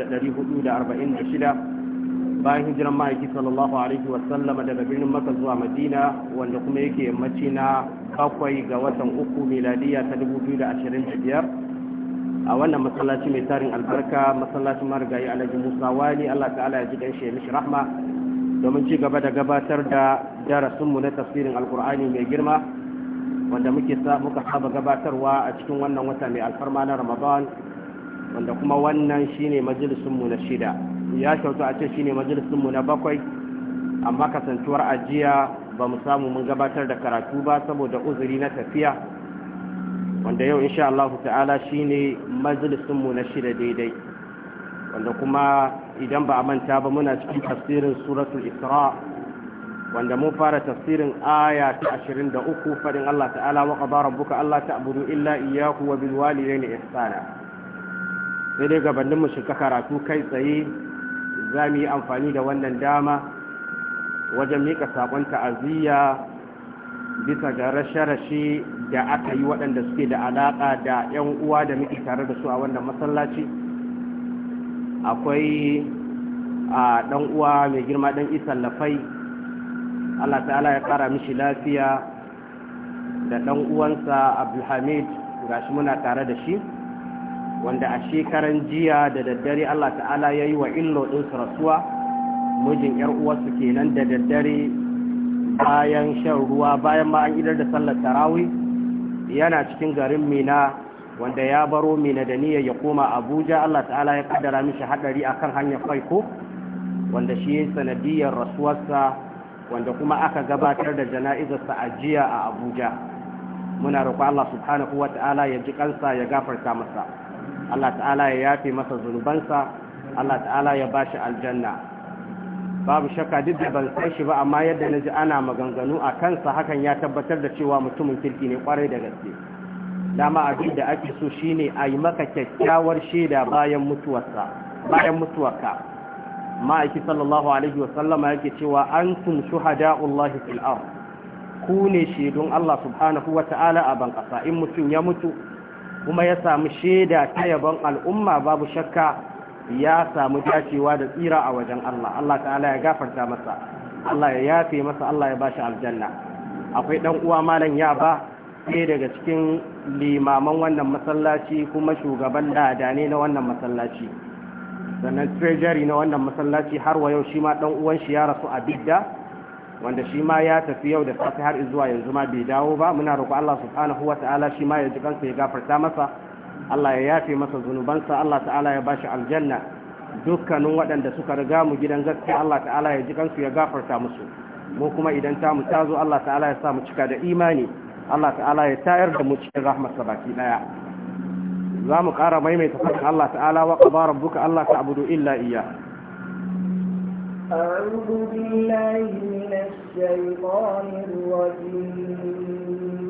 1446 bayan hijiran ma'aiki sallallahu alaihi wasallam daga birnin maka zuwa madina wanda kuma yake yammaci na bakwai ga watan uku miladiya ta 2025 a wannan masallaci mai tarin albarka masallacin marigayi alhaji musa wani allah ta'ala ya ji dan shi mishi rahma domin ci gaba da gabatar da darasinmu na tafsirin alkur'ani mai girma wanda muke muka saba gabatarwa a cikin wannan wata mai alfarma na ramadan wanda kuma wannan shine majalisunmu na shida ya kyautu a ce shine majalisunmu na bakwai amma kasantuwar ajiya ba mu samu mun gabatar da karatu ba saboda uzuri na tafiya wanda yau insha Allah ta'ala shine majalisunmu na shida daidai wanda kuma idan ba a manta ba muna cikin tafsirin suratul isra wanda mun fara tafsirin aya ta 23 fadin Allah ta'ala wa qadara rabbuka alla ta'budu illa iyyahu wa bil walidayni ihsana sai dai gabanin mu shiga karatu kai tsaye za mu yi amfani da wannan dama wajen mika sakon ta'aziyya bisa ga rashe-rashe da aka yi waɗanda suke da alaƙa da 'yan uwa da muke tare da su a wannan masallaci akwai a ɗan uwa mai girma ɗan isan lafai allah ta'ala ya ƙara mishi lafiya da ɗan uwansa abdulhamid gashi muna tare da shi wanda a shekaran jiya da daddare Allah ta'ala ya yi wa illo ɗinsu rasuwa mijin yar uwarsu kenan da daddare bayan shan ruwa bayan ma an idar da sallar tarawi yana cikin garin mina wanda ya baro mina da niyyar ya koma abuja Allah ta'ala ya kaddara mishi hadari kan hanyar faiko wanda shi ya sanadiyar rasuwarsa wanda kuma aka gabatar da jana'izarsa a jiya a abuja muna roƙon Allah subhanahu wa ta'ala ya ji kansa ya gafarta masa Allah ta'ala ya yafe masa zunubansa Allah ta'ala ya bashi aljanna babu shakka duk da ban san shi ba amma yadda naji ana maganganu a kansa hakan ya tabbatar da cewa mutumin kirki ne kwarai da gaske dama abin da ake so shine a maka kyakkyawar shaida bayan mutuwarsa bayan mutuwarka ma'aiki sallallahu alaihi wa sallama yake cewa antum shuhada'ullahi fil ard ku ne shaidun Allah subhanahu wa ta'ala a ban kasa in mutum ya mutu kuma ya samu shaida ta yabon al'umma babu shakka ya samu dacewa da tsira a wajen Allah Allah ta'ala ya gafarta masa Allah ya yafe masa Allah ya bashi aljanna akwai dan uwa malam ya ba Sai daga cikin limaman wannan masallaci kuma shugaban ne na wannan masallaci sannan treasury na wannan masallaci har wa yau shi ma dan uwan shi ya rasu a bidda wanda shi ma ya tafi yau da safe har zuwa yanzu ma bai dawo ba muna roƙo Allah subhanahu wa ta'ala shi ma ya ji kansa ya gafarta masa Allah ya yafe masa zunubansa Allah ta'ala ya bashi aljanna dukkanin waɗanda suka riga mu gidan gaske. Allah ta'ala ya ji kansu ya gafarta musu mu kuma idan ta mu tazo Allah ta'ala ya sa mu cika da imani Allah ta'ala ya tayar da mu cikin rahmatsa baki daya za mu ƙara maimaita fadin Allah ta'ala wa qadara rabbuka Allah ta'budu illa iyyah أعوذ بالله من الشيطان الرجيم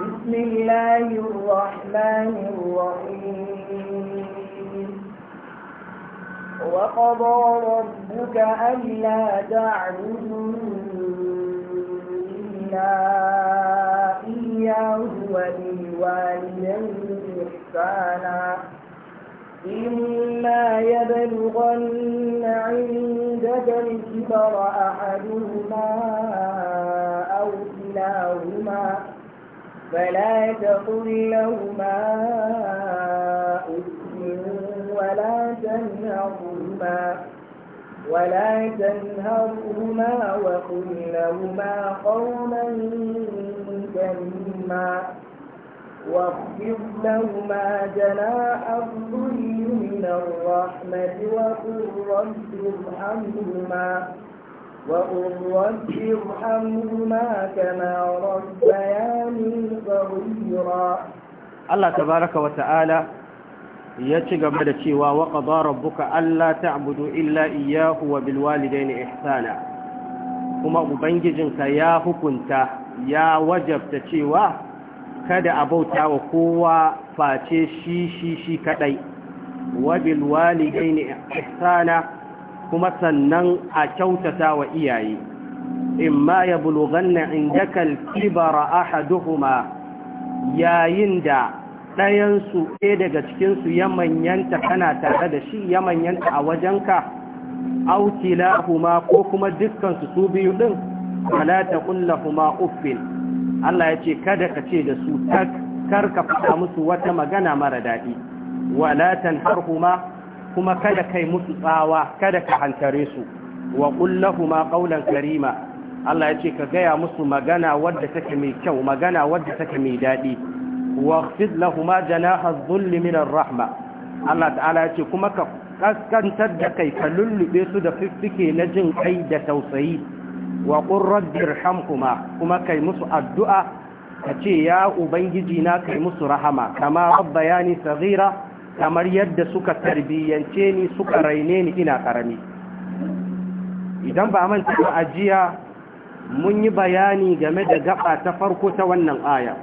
بسم الله الرحمن الرحيم وقضى ربك ألا تعبدوا إلا إياه وبالوالدين إحسانا إما يبلغن عندك الكبر أحدهما أو كلاهما فلا تقل لهما أف ولا تنهرهما ولا تنهرهما وقل لهما قوما كريما واخفض لهما جناح الذل من الرحمة وقل رب ارحمهما وقل رب ارحمهما كما ربياني صغيرا الله تبارك وتعالى ya ci gaba da cewa wa qada Allah ta ta'budu illa iyyahu wa bil walidayni ihsana kuma ubangijinka ya hukunta ya wajabta cewa kada a bauta wa kowa face shi shi shi kadai wabil walidaini ihsana kuma sannan a kyautata wa iyaye In imma yablughanna indaka al-kibara ahaduhuma yayin da ɗayan su ɗaya daga cikin su ya manyanta kana tare da shi ya manyanta a wajenka aw tilahuma ko kuma dukkan su su biyu din fala taqullahuma uffin Allah ya ce kada ka ce da su kar ka faɗa musu wata magana mara daɗi wala har kuma kada kai musu tsawa kada ka hantare su wa qul lahumu karima Allah ya ce ka gaya musu magana wadda take mai kyau magana wadda take mai daɗi wa khfid lahumu janaha min rahma Allah ta'ala ya ce kuma ka ƙasƙantar da kai ka lullube su da fiffike na jin kai da tausayi wa qur rabbi kuma kai musu addu'a ka ce ya ubangiji na kai musu rahama kama rabbayani saghira kamar yadda suka tarbiyyance ni suka raine ni ina karami idan ba manta ba ajiya mun yi bayani game da gaba ta farko ta wannan aya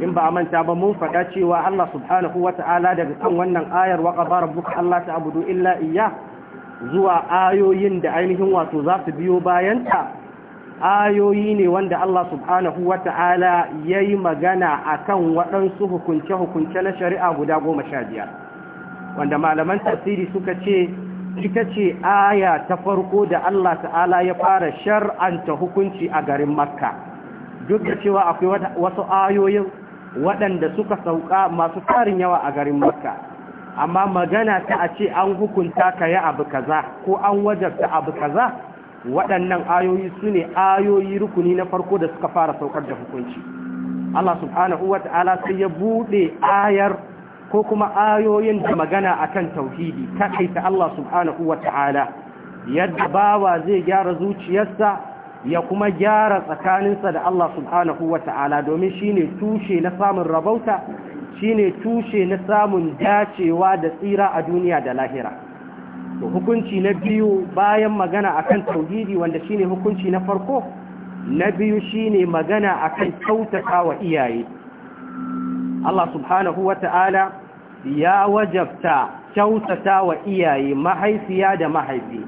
in ba manta ba mun faɗa cewa Allah subhanahu wata'ala daga kan wannan ayar wa qadara rabbuka ta abudu illa iya. zuwa ayoyin da ainihin wato za su biyo bayanta ayoyi ne wanda Allah subhanahu wa ta'ala ya yi magana a kan waɗansu hukunce-hukunce na shari'a guda goma sha biyar wanda malaman tasiri suka ce suka ce aya ta farko da Allah ta'ala ya fara shar'anta hukunci a garin makka duk da cewa akwai wasu ayoyin waɗanda suka sauka masu tarin yawa a garin makka amma magana ta a ce an hukunta ka yi abu kaza ko an wajabta abu kaza waɗannan ayoyi su ne ayoyi rukuni na farko da suka fara saukar da hukunci Allah subhanahu wa ta'ala sai ya buɗe ayar ko kuma ayoyin da magana akan tauhidi ta kaita Allah subhanahu wa ta'ala yadda bawa zai gyara zuciyarsa ya kuma gyara tsakaninsa da Allah subhanahu wa ta'ala domin shi ne tushe na samun rabauta shine tushe na samun dacewa da tsira a duniya da lahira to hukunci na biyu bayan magana akan tauhidi wanda shine hukunci na farko na biyu shine magana akan kyautata wa iyaye Allah subhanahu wata'ala ya wajabta kyautata wa iyaye mahaifiya da mahaifi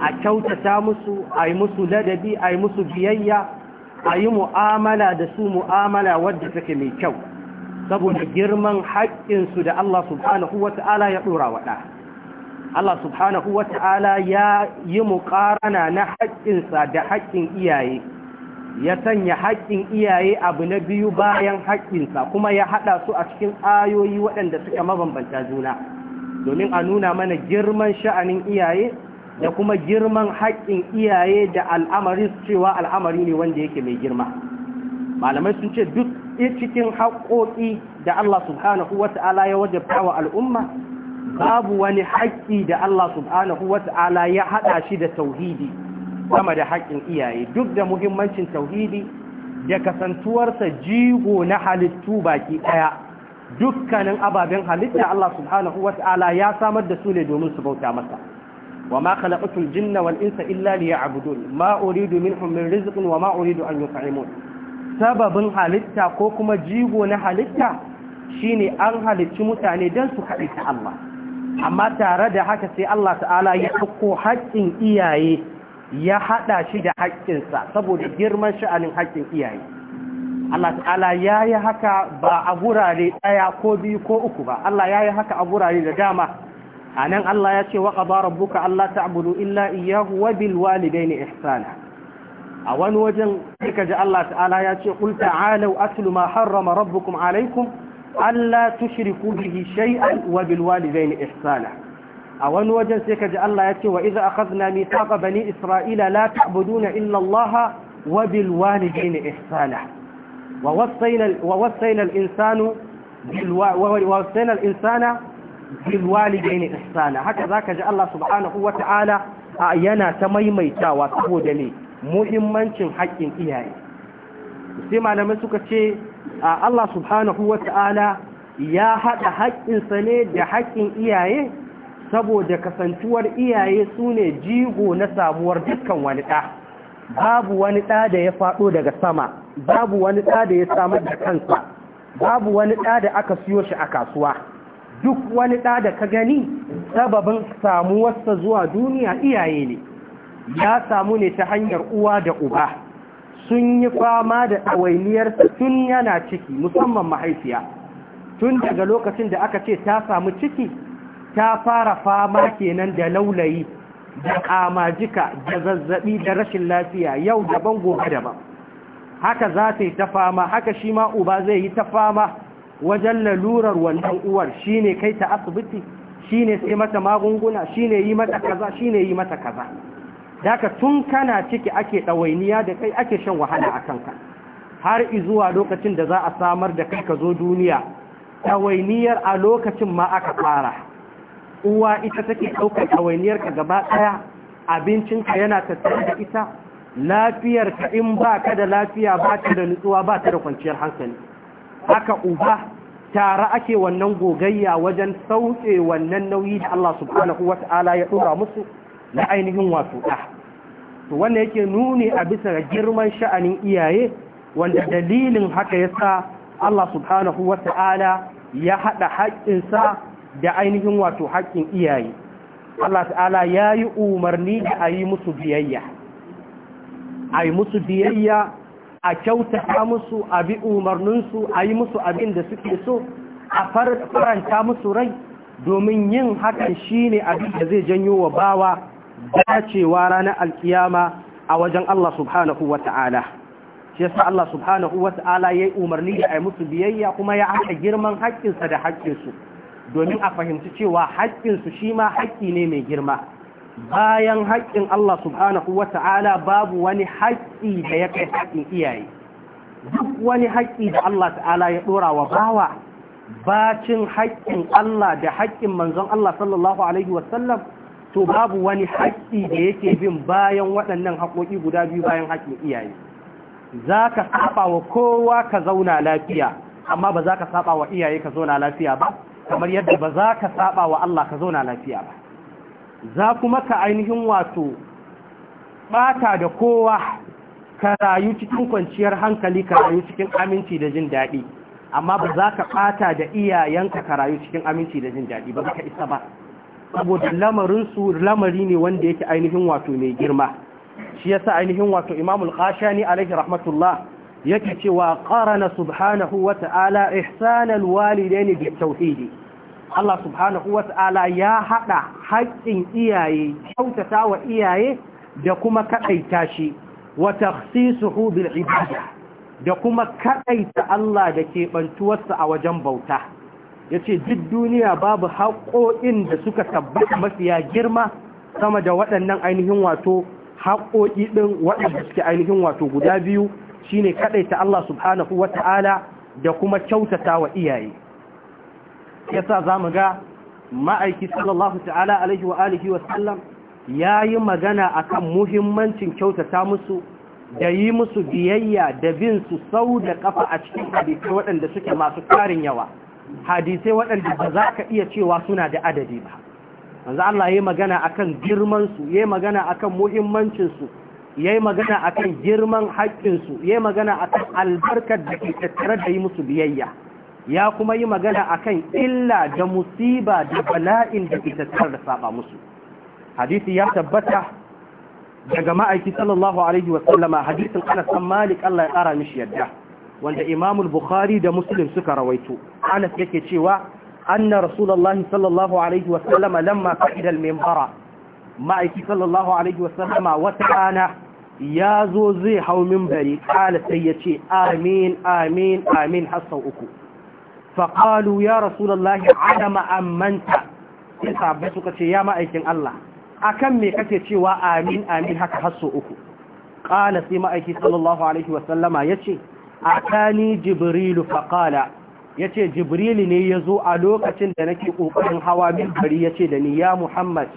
a kyautata musu a yi musu ladabi a yi musu biyayya a yi mu'amala da su mu'amala wadda take mai kyau saboda girman haƙƙinsu da Allah subhanahu wa ta'ala ya ɗora waɗa Allah subhanahu wa ta'ala ya yi muƙarana na haƙƙinsa da haƙƙin iyaye ya sanya haƙƙin iyaye abu na biyu bayan haƙƙinsa kuma ya haɗa su a cikin ayoyi waɗanda suka mabambanta juna domin a nuna mana girman sha'anin iyaye da kuma girman haƙƙin iyaye da al'amarin cewa al'amari ne wanda yake mai girma malamai sun ce duk cikin haƙoƙi da Allah subhanahu wata'ala ya wajabta wa al'umma babu wani haƙƙi da Allah subhanahu wata'ala ya haɗa shi da tauhidi sama da haƙƙin iyaye duk da muhimmancin tauhidi da kasantuwarsa jigo na halittu baki ɗaya dukkanin ababen halitta Allah subhanahu wata'ala ya samar da su ne domin su bauta masa wa ma khalaqatul jinna wal insa illa liya'budun ma uridu minhum min rizqin wa ma uridu an yut'imun sababin halitta ko kuma jigo na halitta shine an halicci mutane don su kaɗi ta Allah amma tare da haka sai Allah ta'ala ya ɗauko haƙƙin iyaye ya haɗa shi da haƙƙinsa saboda girman sha'anin haƙƙin iyaye Allah ta'ala ya yi haka ba a gurare ɗaya ko biyu ko uku ba Allah ya yi haka a gurare da dama a nan Allah ya ce waƙa ƙaba rabbuka Allah ta'budu illa iyahu, wa bil walidaini ihsana a wani wajen suka ji Allah ta'ala ya ce qul ta'alu aslu ma harrama rabbukum alaykum alla tushriku bihi shay'an wa bil walidayni ihsana a wani wajen sai ka ji Allah ya ce wa idza akhadna mithaqa bani isra'ila la ta'buduna illa Allah wa bil walidayni ihsana wa wassayna insanu wa wassayna al insana bil walidayni ihsana haka zaka ji Allah subhanahu wa ta'ala yana ta maimaitawa saboda ne muhimmancin haƙƙin iyaye sai malamai suka ce a Allah subhanahu wa ta'ala ya haɗa haƙƙinsa ne da haƙƙin iyaye saboda kasantuwar iyaye su ne jigo na samuwar dukkan wani ɗa babu wani ɗa da ya faɗo daga sama babu wani ɗa da ya samar da kansa babu wani ɗa da aka siyo shi a kasuwa duk wani ɗa da ka gani sababin samuwarsa zuwa duniya iyaye ne ya samu ne ta hanyar uwa da uba sun yi fama da ɗawainiyarsa tun yana ciki musamman mahaifiya tun daga lokacin da aka ce ta samu ciki ta fara fama kenan da laulayi da kamajika da zazzaɓi, da rashin lafiya yau daban gobe daban haka za ta yi ta fama haka shi ma uba zai yi ta fama wajen lalurar wannan uwar shi ne kai ta asibiti shi ne sai mata magunguna shi ne yi mata kaza shi ne yi mata kaza Daka tun kana ciki ake ɗawainiya da kai ake shan wahala a kanka har izuwa lokacin da za a samar da kai ka zo duniya ɗawainiyar a lokacin ma aka fara uwa ita take ɗaukar ɗawainiyarka gaba ɗaya abincinka yana tattare da ita lafiyarka in ba ka da lafiya ba ta da nutsuwa ba ta da kwanciyar hankali haka uba tare ake wannan gogayya wajen sauke wannan nauyi da Allah subhanahu wata'ala ya ɗora musu na ainihin wato ɗa to wanda yake nuni a bisa girman sha'anin iyaye wanda dalilin haka ya sa Allah subhanahu wa ta'ala ya haɗa haƙƙinsa da ainihin wato haƙƙin iyaye Allah ta'ala ya yi umarni da a yi musu biyayya a yi musu biyayya a kyautata musu a bi umarninsu a yi musu abin da suke so a faranta musu rai domin yin hakan shi ne abin da zai janyo wa bawa dacewa ranar alkiyama a wajen Allah subhanahu wa ta'ala shi yasa Allah subhanahu wa ta'ala ya yi umarni da a musu biyayya kuma ya haka girman haƙƙinsa da haƙƙinsu domin a fahimci cewa haƙƙinsu shi ma haƙƙi ne mai girma bayan haƙƙin Allah subhanahu wa ta'ala babu wani haƙƙi da ya kai haƙƙin iyaye duk wani haƙƙi da Allah ta'ala ya ɗora wa bawa bacin haƙƙin Allah da haƙƙin manzon Allah sallallahu alaihi wasallam to babu wani haƙƙi da yake bin bayan waɗannan haƙoƙi guda biyu bayan haƙƙin iyaye za ka saba wa kowa ka zauna lafiya amma ba za ka saba wa iyaye ka zauna lafiya ba kamar yadda ba za ka saba wa Allah ka zauna lafiya ba za kuma ka ainihin wato bata da kowa ka rayu cikin kwanciyar hankali ka rayu cikin aminci da jin daɗi amma ba za ka bata da iyayenka ka rayu cikin aminci da jin daɗi ba za ka isa ba saboda lamarinsu lamari ne wanda yake ainihin wato mai girma shi yasa ainihin wato imamul qashani alaihi rahmatullah yake cewa qarana subhanahu wa ta'ala ihsanal walidaini da tauhid Allah subhanahu wa ta'ala ya hada haƙƙin iyaye kyautata wa iyaye da kuma kadaita shi wa takhsisuhu bil ibada da kuma kaɗaita Allah da ke a wajen bauta ya ce duk duniya babu haƙoƙin da suka tabbata mafiya girma sama da waɗannan ainihin wato haƙoƙi ɗin waɗanda suke ainihin wato guda biyu shine ta Allah subhanahu wa ta'ala da kuma kyautata wa iyaye Ya sa za mu ga ma'aiki sallallahu ta'ala alaihi wa wa sallam ya yi magana a kan muhimmancin kyautata musu da yi musu biyayya da bin su sau da kafa a cikin hadisi waɗanda suke masu ƙarin yawa hadisai waɗanda ba za ka iya cewa suna da adadi ba wanzu Allah ya yi magana akan girmansu, ya yi magana akan muhimmancinsu, ya yi magana kan girman haƙƙinsu su yi magana akan albarkar da ke tattare da yi musu biyayya ya kuma yi magana akan illa da musiba da bala'in da ke tattare da saba musu hadisi ya tabbata daga ma'aiki sallallahu alaihi wa sallama hadisin Anas san Malik Allah ya ƙara mishi yadda wanda imamul bukhari da muslim suka rawaito anas yake cewa anna rasulullahi sallallahu alaihi wasallama lamma qa'ida al-minbara ma'aiki sallallahu alaihi wasallama wata rana ya zo zai hau minbari kala sai ya ce amin amin amin har sau uku faƙalu ya rasulallahi adama ammanta sai sabbai suka ce ya ma'aikin Allah akan me kake cewa amin amin haka har sau uku kala sai ma'aiki sallallahu alaihi wasallama ya ce atani jibrilu faqala yace jibrilu ne yazo a lokacin da nake kokarin hawa minbari yace da ni ya muhammad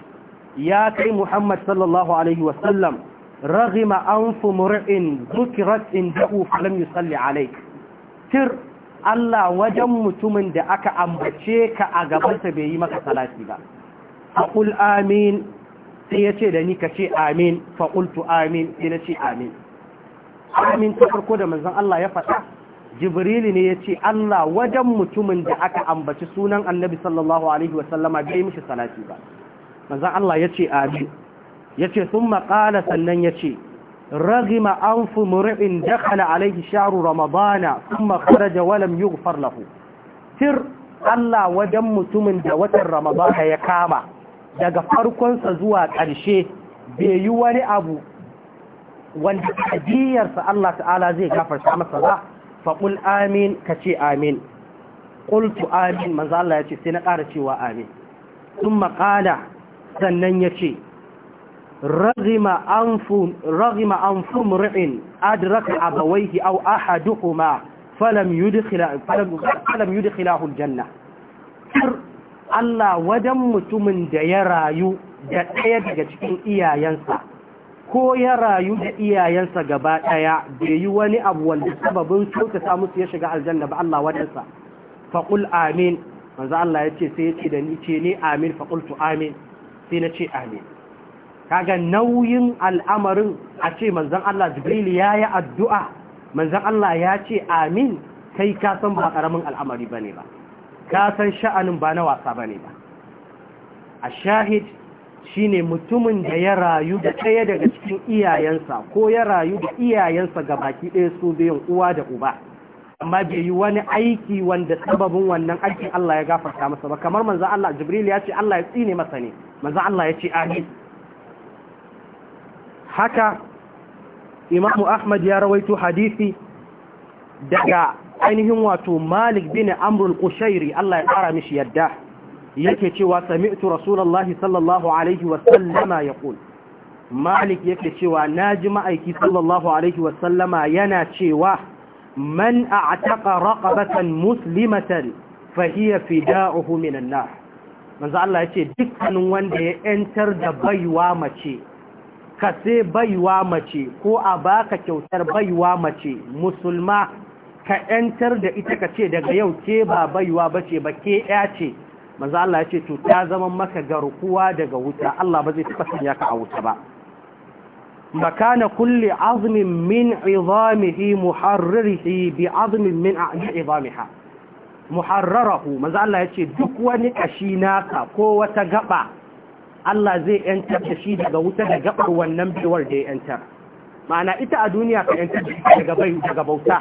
ya kai muhammad sallallahu alaihi wasallam raghima anfu mur'in dhukrat indahu falam yusalli alayk tir Allah wajen mutumin da aka ambace ka a gabansa bai yi maka salati ba faqul amin sai yace da ni kace amin faqultu amin sai nace amin amin ta farko da manzon Allah ya faɗa jibrilu ne ya ce Allah wajen mutumin da aka ambaci sunan annabi sallallahu alaihi wasallama bai mishi salati ba manzon Allah ya ce amin ya ce sun maƙala sannan ya ce ragima an fi muri'in dakhala alaihi sharu ramadana sun makaraja walam yughfar lahu tir Allah wajen mutumin da watan ramadana ya kama daga farkonsa zuwa ƙarshe bai yi wani abu wanda ajiyarsa Allah ta'ala zai gafarta masa za faƙul amin ka ce amin ƙultu amin manzo Allah ya ce sai na ƙara cewa amin sun maƙala sannan ya ce ragima an fumri'in adraka abawaihi au ahaduhuma falam yudkhilahu aljanna Allah wajen mutumin da ya rayu da ɗaya daga cikin iyayensa ko ya rayu da iyayensa gaba ɗaya bai yi wani abu wanda sababin kyautata musu ya shiga aljanna ba Allah wadansa faqul amin manzo Allah ya ce sai ya ce da ni ce ni amin faqultu amin sai na ce amin kaga nauyin al'amarin a ce manzon Allah Jibril ya yi addu'a manzon Allah ya ce amin kai ka san ba karamin al'amari bane ba ka san sha'anin ba na wasa bane ba a shahid shine mutumin da ya rayu da ɗaya daga cikin iyayensa ko ya rayu da iyayensa ga baki ɗaya su biyun uwa da uba amma bai yi wani aiki wanda sababin wannan aikin Allah ya gafarta masa ba kamar manzo Allah Jibril ya ce Allah ya tsine masa ne manzo Allah ya ce amin haka Imam Ahmad ya rawaito hadisi daga ainihin wato Malik bin Amr al-Qushairi Allah ya fara mishi yadda yake cewa sami'tu rasulullahi sallallahu alaihi wasallama yaqul malik yake cewa naji ma'aiki sallallahu alaihi wasallama yana cewa man a'taqa raqabatan muslimatan fahiya fida'uhu minan nar manzo Allah yace dukkanin wanda ya entar da baiwa mace ka sai baiwa mace ko a baka kyautar baiwa mace musulma ka entar da ita kace daga yau ke ba baiwa bace ba ke ya ce manzo Allah ya ce to ta zama maka garkuwa daga wuta Allah ba zai taba sanya ka a wuta ba makana kulli azmin min izamihi muharririhi bi azmin min izamiha muharrarahu manzo Allah ya ce duk wani kashi naka ko wata gaba Allah zai yantar da shi daga wuta da gabar wannan biwar da ya yantar ma'ana ita a duniya ka yantar daga bai daga bauta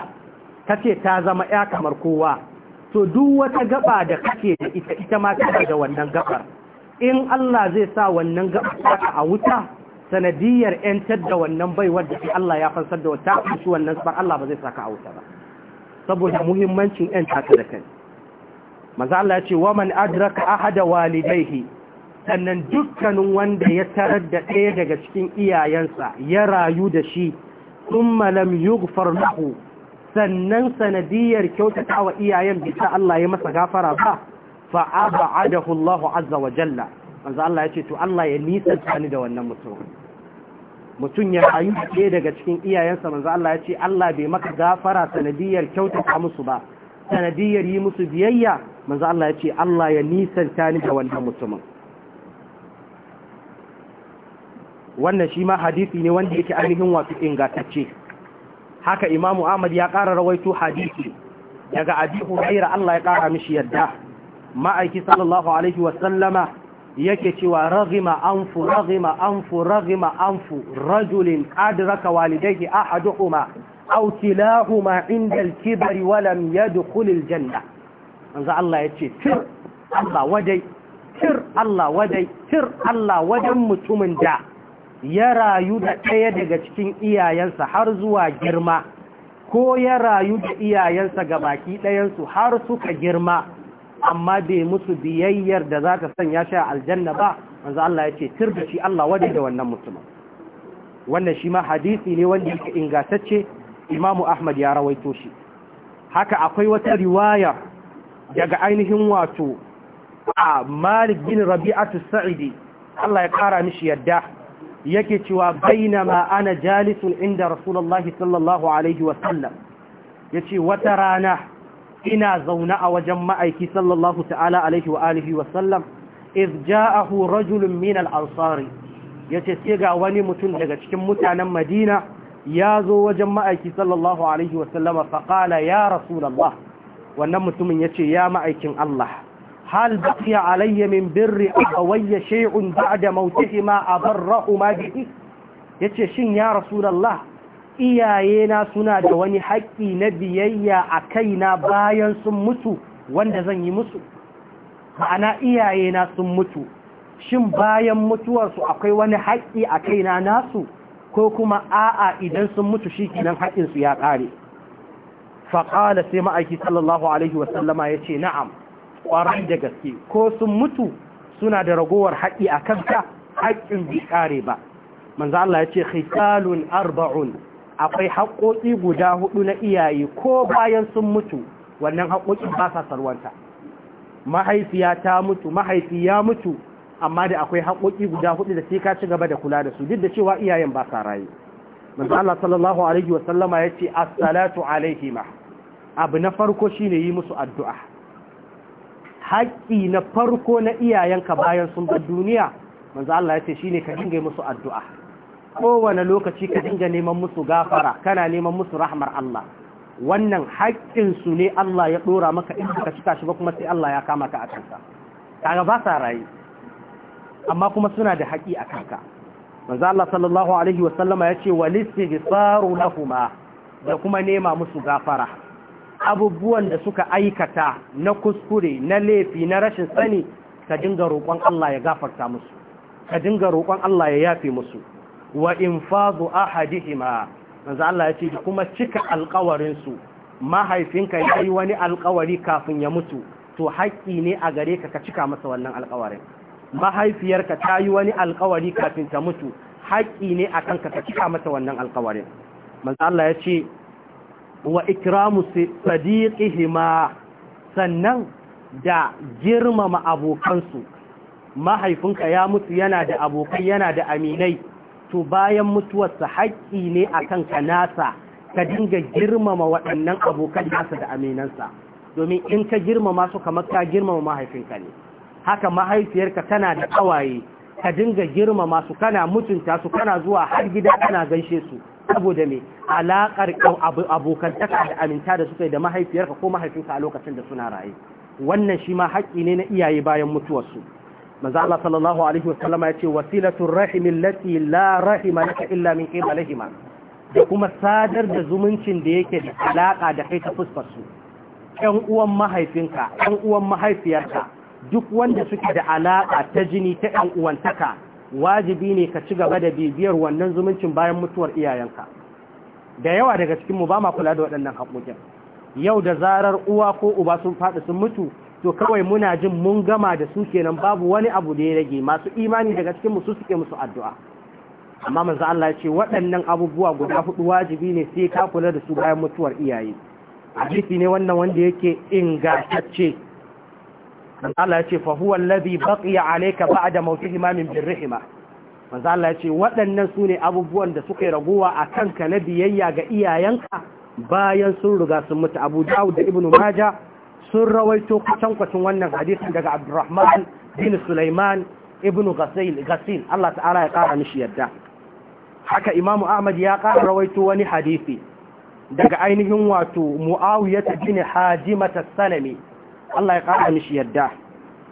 kace ta zama ya kamar kowa to duk wata gaba da kake da ita ita ma kake da wannan gabar in Allah zai sa wannan gabar a wuta sanadiyar yantar da wannan baiwar da Allah ya fansar da wata su wannan sabar Allah ba zai saka a wuta ba saboda muhimmancin yanta ta da kai maza Allah ya ce wa man adraka ahada walidaihi sannan dukkanin wanda ya tarar da ɗaya daga cikin iyayensa ya rayu da shi kuma lam yughfar lahu sannan sanadiyar kyautata wa iyayen bisa Allah ya masa gafara ba fa'aba'adahu Allah azza wa jalla manzo Allah ya ce to Allah ya nisanta ni da wannan mutum mutum ya rayu ke daga cikin iyayensa manzo Allah ya Allah bai maka gafara sanadiyar kyautata musu ba sanadiyar yi musu biyayya manzo Allah ya ce Allah ya nisanta ni da wannan mutumin wannan shi ma hadisi ne wanda yake ainihin wasu ingantacce haka imamu ahmad ya ƙara rawaito hadisi daga abi huraira Allah ya ƙara mishi yadda ma'aiki sallallahu alaihi wasallama yake cewa ragima anfu ragima anfu ragima anfu rajulin adraka walidayhi ahaduhuma aw kilahuma inda al-kibri wa lam yadkhul al-janna manzo Allah yace tir Allah wadai tir Allah wadai tir Allah wajen mutumin da ya rayu da ɗaya daga cikin iyayensa har zuwa girma ko ya rayu da iyayensa ga baki ɗayansu har suka girma amma bai musu biyayyar da za ka sanya shi a aljanna ba wanzu Allah ya ce tur da shi Allah wadda da wannan mutumin wannan shi ma hadisi ne wanda yake ingatacce imamu ahmad ya rawaito shi haka akwai wata riwaya daga ainihin wato a malik bin rabi'atu sa'idi Allah ya kara mishi yadda yake cewa bainama ana jalisun inda rasulullahi sallallahu alaihi wasallam ya ce wata rana ina zaune a wajen ma'aiki sallallahu ta'ala alaihi wa alihi wasallam ja'ahu rajulun minal al-ansari yace sai ga wani mutum daga cikin mutanen Madina ya zo wajen ma'aiki sallallahu alaihi wasallama ya Rasulallah, wannan mutumin yace ya ma'aikin Allah هل Alayyamin Birri, من بر أبوي شيء بعد موتهما أبرهما به yace shin ya rasulullah iyayena suna da wani haƙƙi na biyayya a kaina bayan sun mutu wanda zan yi musu ma'ana iyayena sun mutu shin bayan mutuwarsu akwai wani haƙƙi a kaina nasu ko kuma a'a idan sun mutu shi kenan haƙƙinsu ya ƙare faƙala sai ma'aiki sallallahu alaihi wasallama ya ce na'am ƙwarar da gaske ko sun mutu suna da ragowar haƙi a kanta haƙin bi ƙare ba manzo Allah ya ce khisalun arba'un akwai haƙoƙi guda hudu na iyaye ko bayan sun mutu wannan haƙoƙi ba sa sarwanta mahaifiya ta mutu mahaifi ya mutu amma da akwai haƙoƙi guda hudu da sai ka ci gaba da kula da su duk da cewa iyayen ba sa rayu manzo Allah sallallahu alaihi wa sallama ce as-salatu alaihima abu na farko shine yi musu addu'a haƙƙi na farko na iyayenka bayan sun bar duniya manzo Allah ya ce shine ka dinga musu addu'a kowane lokaci ka dinga neman musu gafara kana neman musu rahmar Allah wannan haƙƙin su ne Allah ya ɗora maka in ka cika shi ba kuma sai Allah ya kama ka a kanka kaga ba sa rayi amma kuma suna da haƙi a kanka manzo Allah sallallahu alaihi wasallama ya ce walistighfaru lahumma da kuma nema musu gafara abubuwan da suka aikata na kuskure na laifi na rashin sani ka dinga roƙon Allah ya gafarta musu ka dinga roƙon Allah ya yafe musu wa infazu ahadihima manzo Allah ya ce kuma cika alƙawarin su mahaifinka ya yi wani alƙawari kafin ya mutu to haƙƙi ne a gare ka ka cika masa wannan alƙawarin mahaifiyarka ta yi wani alƙawari kafin ta mutu haƙƙi ne akan ka, ka cika masa wannan alƙawarin manzo Allah ya ce wa ikramu sadiqihima sannan da girmama abokansu mahaifinka ya mutu yana da abokai yana da aminai to bayan mutuwarsa haƙƙi ne akan ka nasa ka dinga girmama waɗannan abokan nasa da aminansa domin in ka girmama su kamar ka girmama mahaifinka ne haka mahaifiyarka tana da kawaye, ka dinga girmama su kana mutunta su kana zuwa har gida kana gaishe su saboda mai alaƙar abokantaka da aminta da suka yi da mahaifiyarka ko mahaifinka a lokacin da suna raye wannan shi ma haƙƙi ne na iyaye bayan mutuwarsu Maza Allah sallallahu alaihi wasallam ya ce wasilatul rahimin lati la rahima laka illa min lahima. da kuma sadar da zumuncin da yake da alaƙa da kai ta fuskar su ƴan uwan mahaifinka ƴan uwan mahaifiyarka duk wanda suke da alaƙa ta jini ta ƴan uwantaka wajibi ne ka ci gaba da bibiyar wannan zumuncin bayan mutuwar iyayenka da yawa daga cikin mu ba ma kula da waɗannan haƙoƙin yau da zarar uwa ko uba sun faɗi sun mutu to kawai muna jin mun gama da su kenan babu wani abu da ya rage masu imani daga cikin mu su suke musu addu'a amma manzo Allah ya ce waɗannan abubuwa guda hudu wajibi ne sai ka kula da su bayan mutuwar iyaye hadisi ne wannan wanda yake ingantacce Allah ya ce fa huwa alladhi baqiya alayka ba'da mawtihima min birrihima manzo Allah ya ce waɗannan sune abubuwan da suka raguwa a ka na biyayya ga iyayenka bayan sun riga sun mutu Abu Dawud da Ibn Majah sun rawaito kucin wannan hadisin daga Abdurrahman bin Sulaiman ibn Ghasil Ghasil Allah ta'ala ya kara mishi yadda haka Imam Ahmad ya kara rawaito wani hadisi daga ainihin wato Muawiyah bin Hajimah as-Salami Allah ya ƙara mishi yadda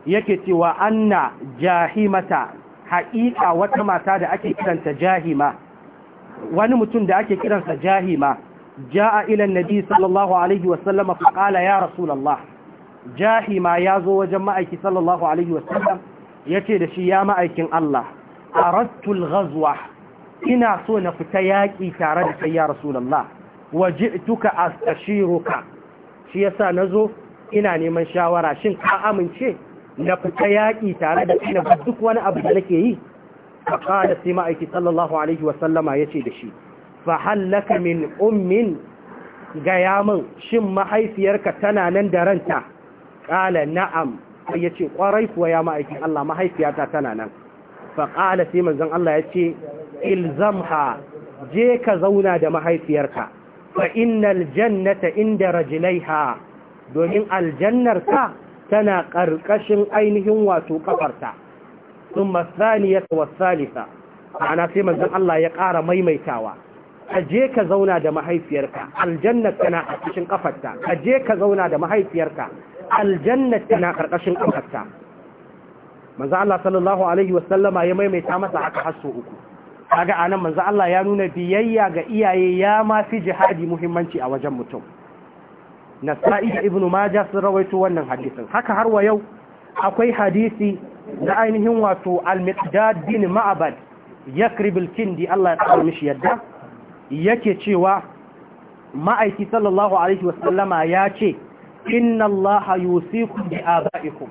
yake cewa anna jahimata haƙiƙa wata mata da ake kiranta jahima wani mutum da ake kiransa jahima ja'a ila nabi sallallahu alaihi wasallam fa qala ya rasulullah jahima yazo wajen ma'aiki sallallahu alaihi wasallam yace da shi ya ma'aikin Allah aradtu al ina so na fita yaki tare da kai ya rasulullah waji'tuka astashiruka shi yasa nazo ina neman shawara shin ka amince na fita yaƙi tare da ina duk wani abu da nake yi a kada sai ma'aiki sallallahu alaihi wasallama ya ce da shi fa min ummin gaya min shin mahaifiyarka tana nan da ranta ƙala na'am ya ce ƙwarai kuwa ya ma'aikin Allah mahaifiyata tana nan fa ƙala sai manzon Allah ya ce ilzamha je ka zauna da mahaifiyarka fa innal jannata inda rajlaiha domin ka tana ƙarƙashin ainihin wato ƙafarta sun masaniyar wasalisa ana sai manzan Allah ya ƙara maimaitawa ka je ka zauna da mahaifiyarka aljannar tana ƙarƙashin ƙafarta ka je ka zauna da mahaifiyarka aljannar tana ƙarƙashin ƙafarta manzan Allah sallallahu alaihi wasallama ya maimaita masa haka hasso uku kaga anan manzan Allah ya nuna biyayya ga iyaye ya ma fi jihadi muhimmanci a wajen mutum Na da ibnu maja sun rawaito wannan hadisin haka har wa yau akwai hadisi na ainihin wato al-miqdad bin ma'bad yakrib Allah ya tsara mishi yadda yake cewa ma'aiki sallallahu alaihi wasallama ya ce inna Allah yusikum bi abaikum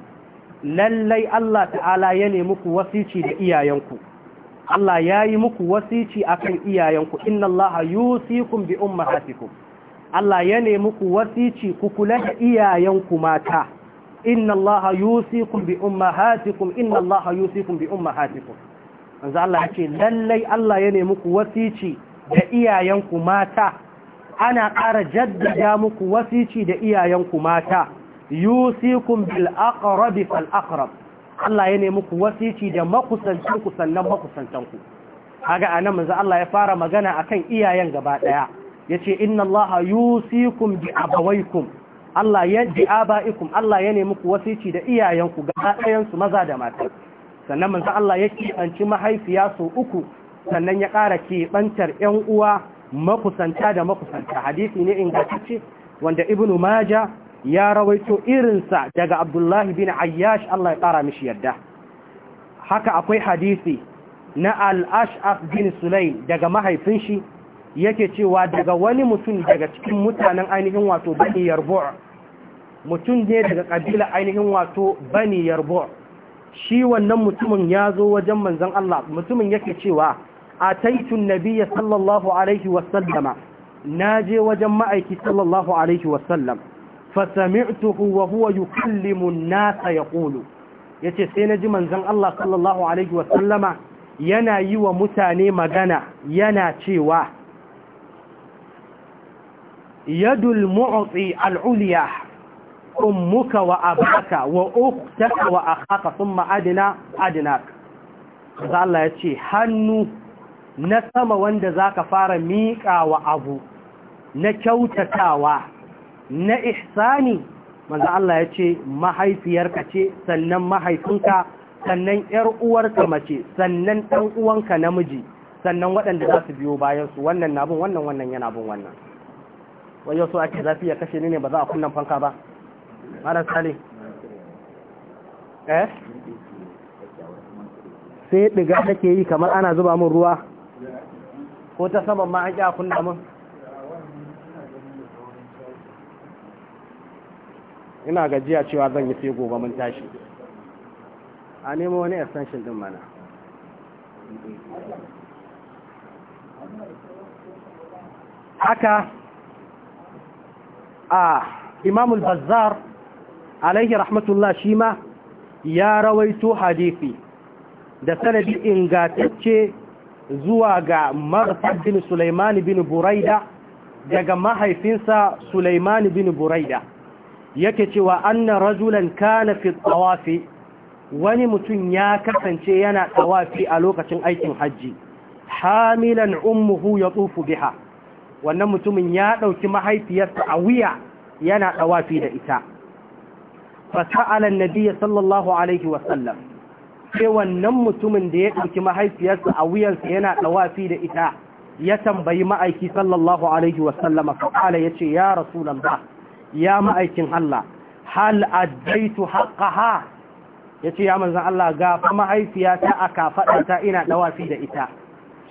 lallai Allah ta'ala ya ne muku wasici da iyayenku Allah ya yi muku wasici akan iyayenku inna Allah yusikum bi ummahatikum Allah ya nemi ku wasici ku kula da iyayenku mata inna Allah yusikum bi ummahatikum inna Allah yusikum bi ummahatikum manzo Allah yace lallai Allah ya nemi ku wasici da iyayenku mata ana ƙara jaddada muku wasici da iyayenku mata yusikum bil aqrab fal aqrab Allah ya nemi ku wasici da makusancin ku sannan makusantan ku kaga anan manzo Allah ya fara magana akan iyayen gaba daya yace inna allaha yusikum bi abawaykum Allah ya bi aba'ikum Allah ya nemi ku wasici da iyayenku ga ɗayan maza da mata sannan manzo Allah ya kibanci mahaifiya su uku sannan ya ƙara keɓantar ƴan uwa makusanta da makusanta hadisi ne in ingantacce wanda ibnu maja ya rawaito irinsa daga abdullahi bin ayyash Allah ya ƙara mishi yadda haka akwai hadisi na al-ash'af bin sulaim daga mahaifin shi yake cewa daga wani mutum daga cikin mutanen ainihin wato bani yarbu mutum ne daga kabila ainihin wato bani yarbu shi wannan mutumin ya zo wajen manzon Allah mutumin yake cewa a taitun Nabiya sallallahu alaihi na je wajen ma'aiki sallallahu alaihi wasallam fasami'tuhu wa huwa yukallimu an-nasa yaqulu yace sai naji manzon Allah sallallahu alaihi wasallama yana yi wa mutane magana yana cewa yadul mu'ti al'uliya ummuka wa abaka wa ukhtaka wa akhaka thumma adna adnak za Allah ya ce hannu na sama wanda zaka fara miƙa wa abu na kyautatawa na ihsani manzo Allah ya ce mahaifiyarka ce sannan mahaifinka sannan ‘yar uwarka mace sannan ɗan uwanka namiji sannan waɗanda za su biyo bayansu wannan nabin wannan wannan yana bin wannan wai yau so ake zafi ya kashe ni ba za a kunna fanka ba mara sale eh sai diga take yi kamar ana zuba min ruwa ko ta saman ma an ƙi kunna min ina gajiya cewa zan yi fego ba mun tashi a nemo wani extension din mana haka a imamul bazzar alaihi rahmatullah shi ma ya rawaito hadisi da sanadi ingatacce zuwa ga marfad bin Sulaiman bin Buraida daga mahaifinsa suleiman bin Buraida yake cewa anna rajulan kana fi tawafi wani mutum ya kasance yana tawafi a lokacin aikin hajji hamilan ummuhu tsufu biha wannan mutumin ya ɗauki mahaifiyarsa a wuya yana ɗawafi da ita fasa'alan nabiya sallallahu alaihi wasallam sai wannan mutumin da ya ɗauki mahaifiyarsa a wuyansa yana ɗawafi da ita ya tambayi ma'aiki sallallahu alaihi wasallam fa'ala ya ce ya rasulallah ya ma'aikin Allah hal addaitu haqqaha ya ce ya manzan Allah gafa mahaifiyata a kafaɗanta ina ɗawafi da ita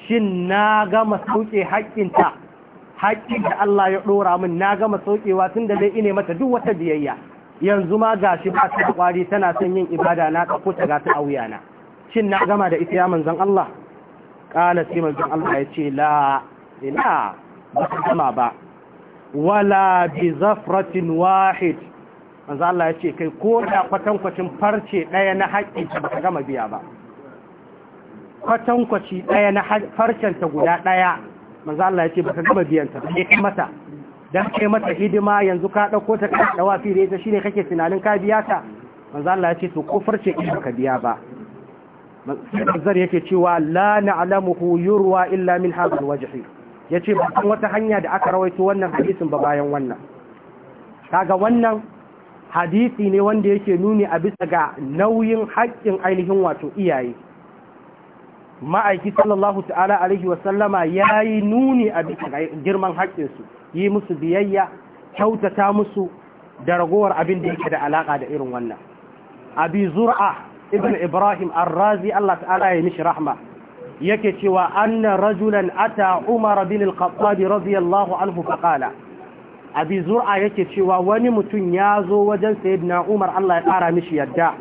shin na gama sauke haƙƙinta haƙƙi da Allah ya ɗora min na gama saukewa tun da zai ine mata duk wata biyayya yanzu ma gashi ba ta kwari tana son yin ibada na kafo ta gata a wuyana shin na gama da ita ya manzan Allah kala sai manzon Allah ya ce la ina ba ta gama ba wala bi zafratin wahid manzon Allah ya ce kai ko da kwatankwacin farce ɗaya na haƙƙin ba ta gama biya ba kwatankwaci ɗaya na farcen ta guda ɗaya manzo Allah ya ce baka gaba biyan ta sai kai mata dan kai mata hidima yanzu ka dauko ta ka dawa fire ta shine kake tunanin ka biya ta manzo Allah ya ce to kofarce ce ka biya ba zar yake cewa la na'lamuhu yurwa illa min hadha alwajhi yace ba san wata hanya da aka rawaito wannan hadisin ba bayan wannan kaga wannan hadisi ne wanda yake nuni a bisa ga nauyin haƙƙin ainihin wato iyaye ma'aiki sallallahu ta'ala alaihi wasallama ya yi nuni a girman haƙƙinsu yi musu biyayya kyautata musu da ragowar abin da yake da alaƙa da irin wannan abi zur'a ibn ibrahim arrazi Allah ta'ala ya mishi rahma yake cewa anna rajulan ata umar bin al radiyallahu anhu fa qala abi zur'a yake cewa wani mutum ya zo wajen sayyidina umar Allah ya ƙara mishi yadda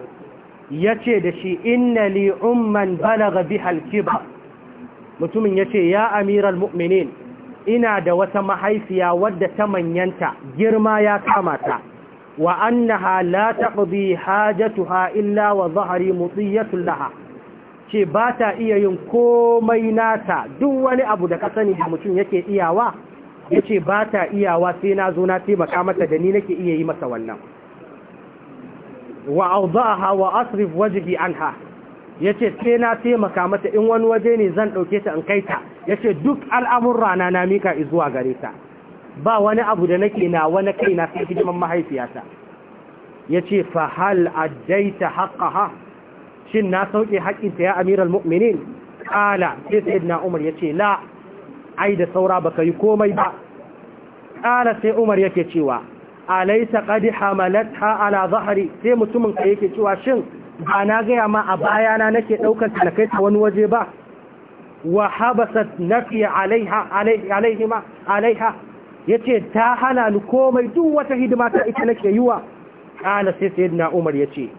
ya ce da shi inna li umman balaga bihal kiba mutumin ya ce ya amiral mu'minin ina da wata mahaifiya wadda ta manyanta girma ya kamata wa annaha la taqdi hajatuha illa wa zahari mutiyatun laha ce ba ta iya yin komai nata duk wani abu da ka sani da mutum yake iyawa yace ba ta iyawa sai na zo na taimaka mata da ni nake iya yi masa wannan wa auzaha wa asrif wajhi anha yace sai na taimaka mata in wani waje ne zan dauke ta in kaita yace duk al'amurra na na mika zuwa gare ta ba wani abu da nake na wani kaina sai hidiman mahaifiyata yace fa hal addaita haqqaha shin na sauke ta ya amiral mu'minin qala sai sayyidina umar yace la ai da saura baka yi komai ba qala sai umar yake cewa alaisa qadi hamalatha ala zahri sai mutumin ka yake cewa shin ba na gaya ma a bayana nake daukar ta kai ta wani waje ba wa habasat nafi alaiha alaihima alaiha yace ta hana ni komai duk wata hidima ta ita nake yiwa kana sai sayyidina umar yace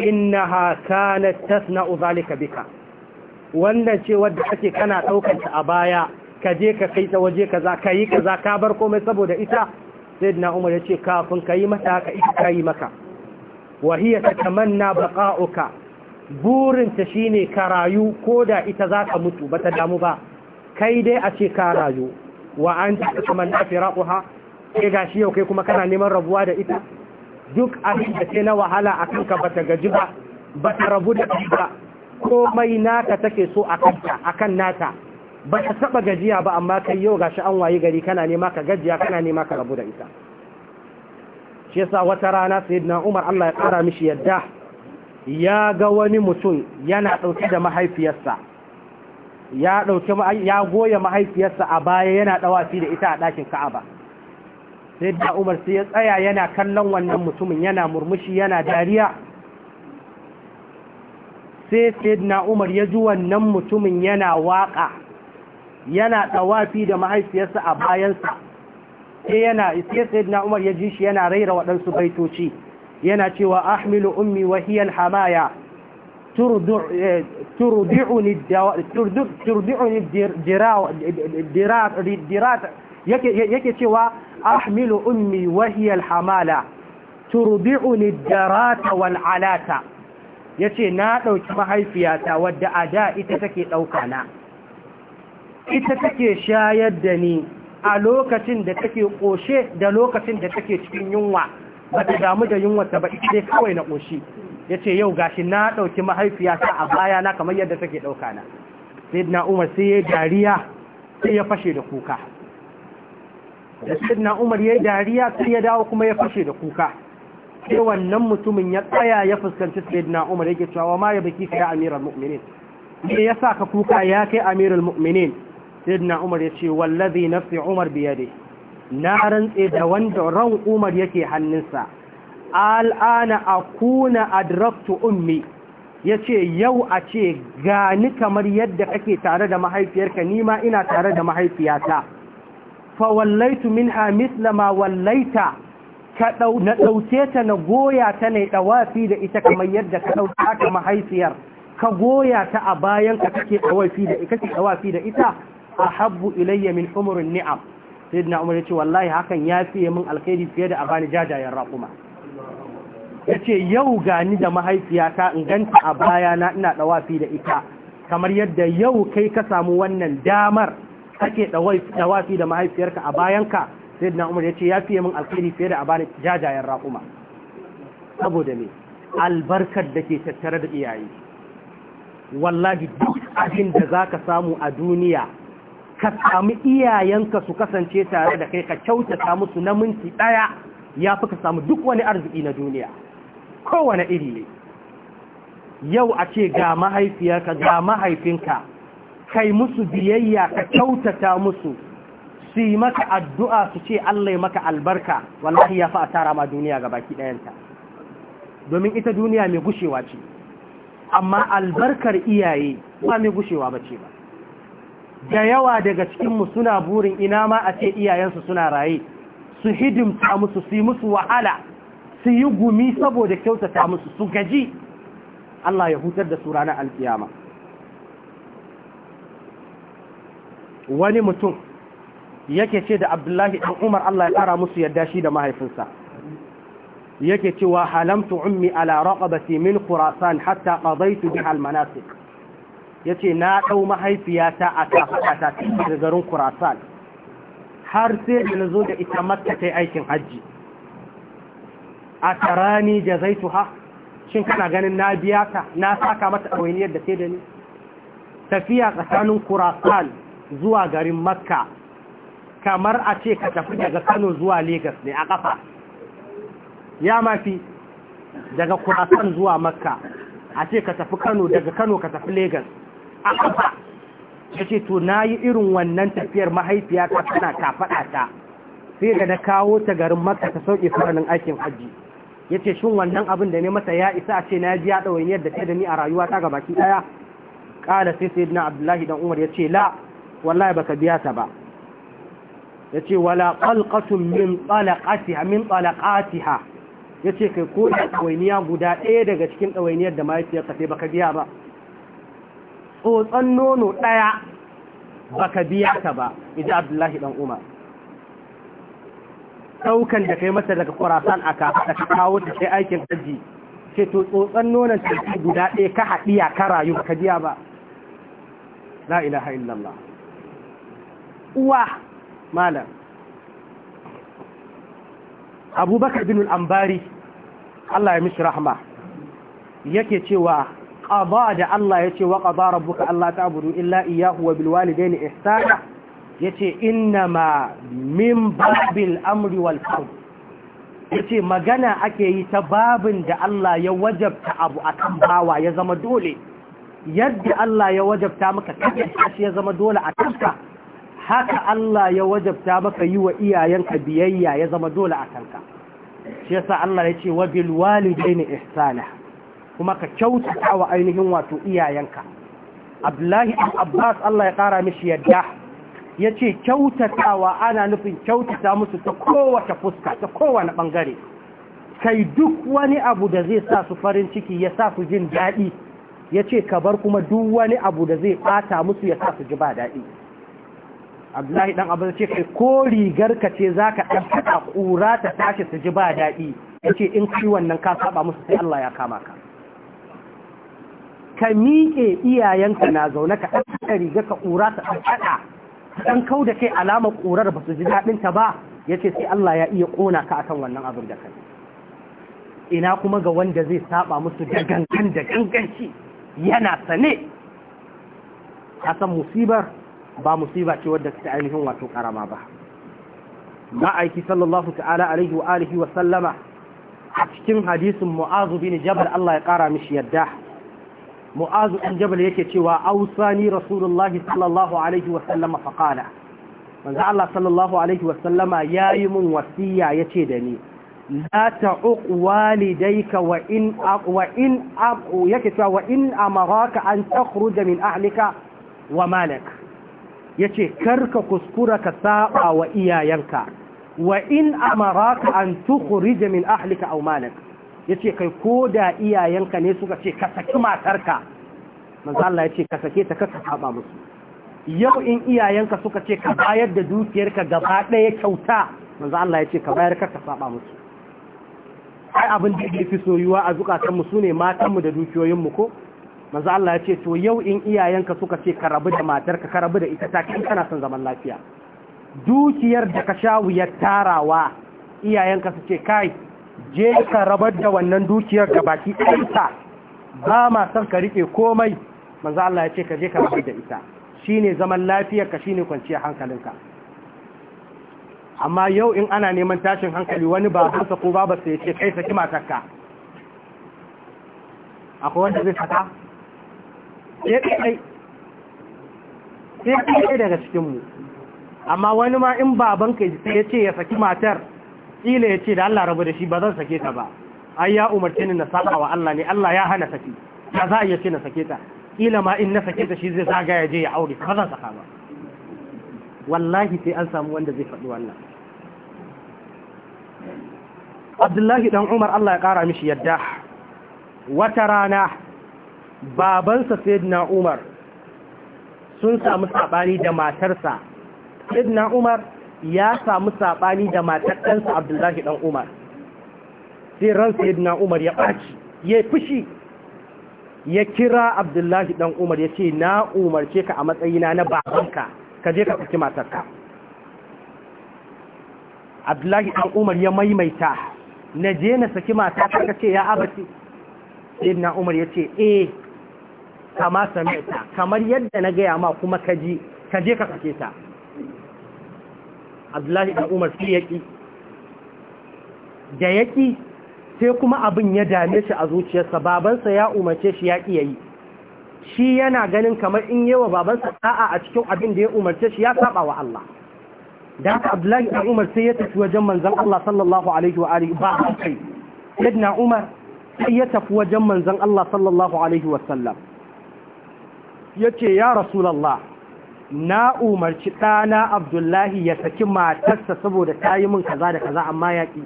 innaha kanat tasna'u zalika bika wannan ce wadda kake kana daukar ta a baya ka je ka kai ta waje kaza kai kaza ka bar komai saboda ita sai na umar ya ce kafin ka yi mata ka ita ta yi maka wahiyar ta tamanna baƙa'uka burinta shi ne ka rayu ko da ita za ka mutu ba ta damu ba kai dai a ce ka rayu wa an ta tamanna ke ga shi yau kai kuma kana neman rabuwa da ita duk abin da ce na wahala a kanka ba ta gaji ba ba ta rabu da ba komai naka take so a kanta a kan nata ba ka taba gajiya ba amma kai yau gashi an waye gari kana nema ka gajiya kana nema ka rabu da ita shi yasa wata rana sayyidina Umar Allah ya kara mishi yadda ya ga wani mutum yana dauke da mahaifiyarsa ya dauke ya goya mahaifiyarsa a baya yana dawafi da ita a dakin Ka'aba sayyidina Umar sai ya tsaya yana kallon wannan mutumin yana murmushi yana dariya sai sayyidina Umar ya ji wannan mutumin yana waka yana tawafi da mahaifiyarsa a bayansa sai yana sai na umar ya ji shi yana raira waɗansu baitoci yana cewa ahmilu ummi wahiyar hamaya eh, turdi'uni dirat yake cewa ahmilu ummi wahiyar hamala turdi'uni darata wal alata yace na ɗauki mahaifiyata wadda a da ita take ɗauka na ita take shayar da ni a lokacin da take ƙoshe da lokacin da take cikin yunwa ba ta damu da yunwata ba ita dai kawai na ƙoshi ya ce yau gashi na ɗauki mahaifiyata a baya na kamar yadda take ɗauka na sai na umar sai ya dariya sai ya fashe da kuka da sai na umar ya dariya sai ya dawo kuma ya fashe da kuka sai wannan mutumin ya tsaya ya fuskanci sai na umar yake cewa ma ya baki ka ya amiral mu'minin me sa ka kuka ya kai amiral mu'minin sayyidina umar ya ce wallazi nafsi umar biyade na rantse da wanda ran umar yake hannunsa al'ana akuna adraktu ummi yace yau a ce gani kamar yadda kake tare da mahaifiyarka nima ina tare da mahaifiyata fa wallaitu min misla ma wallaita ka na ɗauke ta na goya ta ne ɗawafi da ita kamar yadda ka ɗauka ta mahaifiyar ka goya ta a bayan ka kake ɗawafi da ita ahabbu ilayya min umurin ni'am sayyidina umar yace wallahi hakan ya fiye min alkhairi fiye da a bani jajayen raƙuma yace yau gani da mahaifiyata in ganta a baya na ina wafi da ita kamar yadda yau kai ka samu wannan damar kake dawafi da mahaifiyarka a bayanka sayyidina umar yace ya fiye min alkhairi fiye da a bani jajayen raƙuma saboda me albarkar da ke tattare da iyaye wallahi duk abin da za ka samu a duniya ka samu iyayenka su kasance tare da kai ka kyautata musu na minti ɗaya ya fi ka samu duk wani arziki na duniya kowane iri ne yau a ce ga mahaifiyarka ga mahaifinka kai musu biyayya ka kyautata musu su yi maka addu'a su ce Allah maka albarka wallahi ya fi a tara ma duniya ga baki ɗayanta domin ita duniya mai gushewa ce amma albarkar iyaye ba mai gushewa ba ce ba da yawa daga cikinmu suna burin ina ma a ce iyayensu suna raye su hidimta musu su yi musu wahala su yi gumi saboda kyautata musu su gaji Allah ya hutar da su ranar alkiyama wani mutum yake ce da abdullahi ɗan umar Allah ya ƙara musu yadda shi da mahaifinsa yake cewa halamtu ummi ala raqabati min khurasan hatta qadaytu bi al manasik ya ce na ɗau mahaifiyata a kafaɗata da garin kurasal har sai da na zo da ita matka ta aikin hajji a tarani da zai tuha shin kana ganin na biya ta na saka mata ɗawainiyar da ke da ni tafiya tsakanin kurasal zuwa garin makka kamar a ce ka tafi daga kano zuwa Legas ne a ƙafa ya mafi daga kurasal zuwa makka a ce ka tafi kano daga kano ka tafi Legas. a kafa ta ce to na yi irin wannan tafiyar mahaifiya ta tana kafaɗa ta sai da na kawo ta garin maka ta sauke faranin aikin hajji ya ce shin wannan abin da ne masa ya isa a ce na ji ya ɗawai yadda ta da ni a rayuwa ta ga baki ɗaya ƙala sai sai na abdullahi dan umar ya ce la wallahi baka biya ta ba ya ce wala ƙalƙatun min tsalakatiha min tsalakatiha ya ce kai ko da ɗawainiya guda ɗaya daga cikin ɗawainiyar da mahaifiyarsa sai baka biya ba tsotson nono ɗaya ba ka biya ka ba iji abdullahi ɗan umar ɗaukan da kai masa daga kurasan aka da ka kawo ta sai aikin aji ke to tsotson nonon tafi guda ɗaya ka haɗiya ka rayu ba ka biya ba la ilaha illallah uwa malam abubakar binul ambari. Allah ya mishi rahama yake cewa qada da Allah yace wa qada rabbuka alla ta'budu illa iyyahu wa bil walidayni ihsana yace innama min babil amri wal fard yace magana ake yi ta babin da Allah ya wajabta abu akan bawa ya zama dole yadda Allah ya wajabta maka kake ya zama dole a kanka haka Allah ya wajabta maka yi wa iyayenka biyayya ya zama dole a kanka shi yasa Allah ya ce wa bil walidaini ihsana kuma ka kyautata wa ainihin wato iyayenka abdullahi abbas Allah ya kara mishi yadda ya ce kyautatawa ana nufin kyautata musu ta kowace fuska ta kowane bangare kai duk wani abu da zai sa su farin ciki ya sa su jin daɗi ya ce ka bar kuma duk wani abu da zai ɓata musu ya sa su ji ba daɗi abdullahi ɗan abu ce kai ko rigar ka ce za ka ɗan ƙura ta tashi su ji ba daɗi ya ce in ciwon nan ka saba musu sai Allah ya kama ka ka miƙe iyayenka na zaune ka ɗan riga ka ƙura ta ɗan ɗan kau da kai alamar ƙurar ba su ji daɗinta ba ya ce sai Allah ya iya ƙona ka akan wannan abin da kai ina kuma ga wanda zai saba musu da gangan da ganganci yana sane a san musibar ba musiba ce wadda ta ainihin wato karama ba ma'aiki sallallahu ta'ala alaihi wa alihi wa sallama a cikin hadisin mu'azu bin jabal Allah ya kara mishi yadda mu'azu ɗan jabal yake cewa ausani rasulullahi sallallahu alaihi wasallama faƙala manzo Allah sallallahu alaihi wasallama yayi mun wasiya yace da ni la ta'uq walidayka wa in wa in yake cewa wa in amaraka an takhruja min ahlika wa malik yace karka kuskura ka saba wa iyayenka wa in amaraka an tukhrija min ahlika aw malik ya ce kai ko da iyayenka ne suka ce ka saki matarka manzo Allah ya ce ka sake ta kasa saba musu yau in iyayenka suka ce ka bayar da dukiyarka gaba ɗaya kyauta manzo Allah ya ce ka bayar kasa saba musu ai abin da yake soyuwa a zukatan mu sune matan mu da dukiyoyin mu ko manzo Allah ya ce to yau in iyayenka suka ce ka rabu da matarka ka rabu da ita ta kin kana son zaman lafiya dukiyar da ka sha wuyar tarawa iyayenka su ce kai je ka rabar da wannan dukiyar ga baki ɗansa ba ma san ka riƙe komai manzo Allah ya ce ka je ka rabar da ita shine zaman lafiyar ka shine kwanciyar hankalinka amma yau in ana neman tashin hankali wani ba su ko ba su ya ce kai saki matakka akwai wanda zai saka sai kai sai kai daga cikinmu. amma wani ma in babanka ya ce ya saki matar kila ya ce da Allah rabu da shi ba zan sake ta ba ai ya umarce ni na saba wa Allah ne Allah ya hana saki ka za a iya ce na sake ta kila ma in na sake ta shi zai zaga ya je ya aure ka zan saka ba wallahi sai an samu wanda zai faɗi wannan Abdullahi dan Umar Allah ya ƙara mishi yadda wata rana babansa Sayyidina Umar sun samu sabani da matarsa Sayyidina Umar ya samu saɓani da matar ɗansa abdullahi ɗan umar sai ran sayyidina umar ya ɓaci ya fushi ya kira abdullahi ɗan umar ya ce na umarce ka a matsayina na babanka ka je ka ɗauki matarka abdullahi ɗan umar ya maimaita na je na saki mata ka ce ya abaci sayyidina umar ya ce eh kama sami ta kamar yadda na gaya ma kuma ka ji ka je ka sake ta abdullahi ibn umar sai ya ƙi da ya ƙi sai kuma abin ya dame shi a zuciyarsa babansa ya umarce shi ya ƙi ya yi shi yana ganin kamar in yawa babansa a'a a cikin abin da ya umarce shi ya saba wa Allah da haka abdullahi ibn umar sai ya tafi wajen manzan Allah sallallahu alaihi wa alihi ba kai yadda umar sai ya tafi wajen manzan Allah sallallahu alaihi wa sallam ya ya Rasulullah na umarci ɗana abdullahi ya saki matarsa saboda ta yi min kaza da kaza amma ya ƙi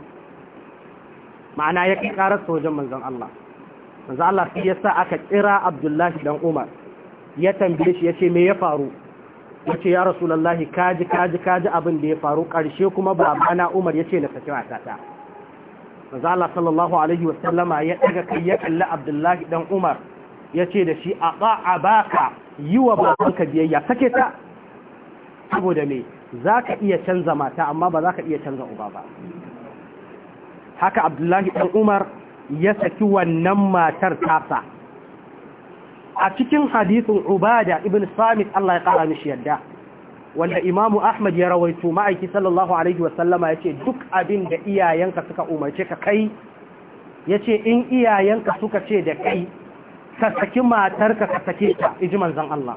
ma'ana ya ƙi ƙararsa wajen manzan Allah manzan Allah su ya sa aka kira abdullahi don umar ya tambaye shi ya ce me ya faru ya ce ya rasulallahi kaji kaji kaji abin da ya faru ƙarshe kuma babana umar ya ce na saki matata manzan Allah sallallahu alaihi wasallama ya ɗaga kai ya kalli abdullahi don umar ya ce da shi a ba a baka yi wa babanka biyayya sake ta saboda mai za ka iya canza mata amma ba za ka iya canza uba ba haka abdullahi ɗan umar ya saki wannan matar tasa a cikin hadisin ubada ibn samit Allah ya ƙara mishi yadda wanda imamu ahmad ya rawaitu ma'aiki sallallahu alaihi wasallama ya ce duk abin da iyayenka suka umarce ka kai ya ce in iyayenka suka ce da kai ka saki matarka ka sake ta iji manzan Allah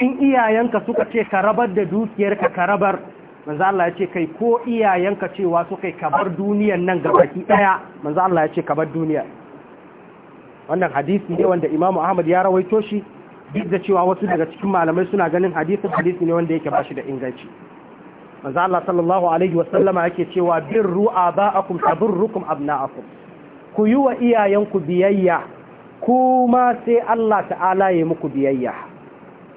in iyayenka suka ce ka rabar da dukiyarka ka rabar manzan Allah ya ce kai ko iyayenka cewa suka ka bar duniyar nan baki daya manzan Allah ya ce ka bar duniyar wannan hadisi ne wanda Imam Ahmad ya rawaito shi duk da cewa wasu daga cikin malamai suna ganin hadisin hadisi ne wanda yake bashi da inganci manzan Allah sallallahu alaihi wasallama yake cewa birru aba'akum tabirrukum abna'akum ku yi wa iyayenku biyayya kuma sai Allah ta'ala ya muku biyayya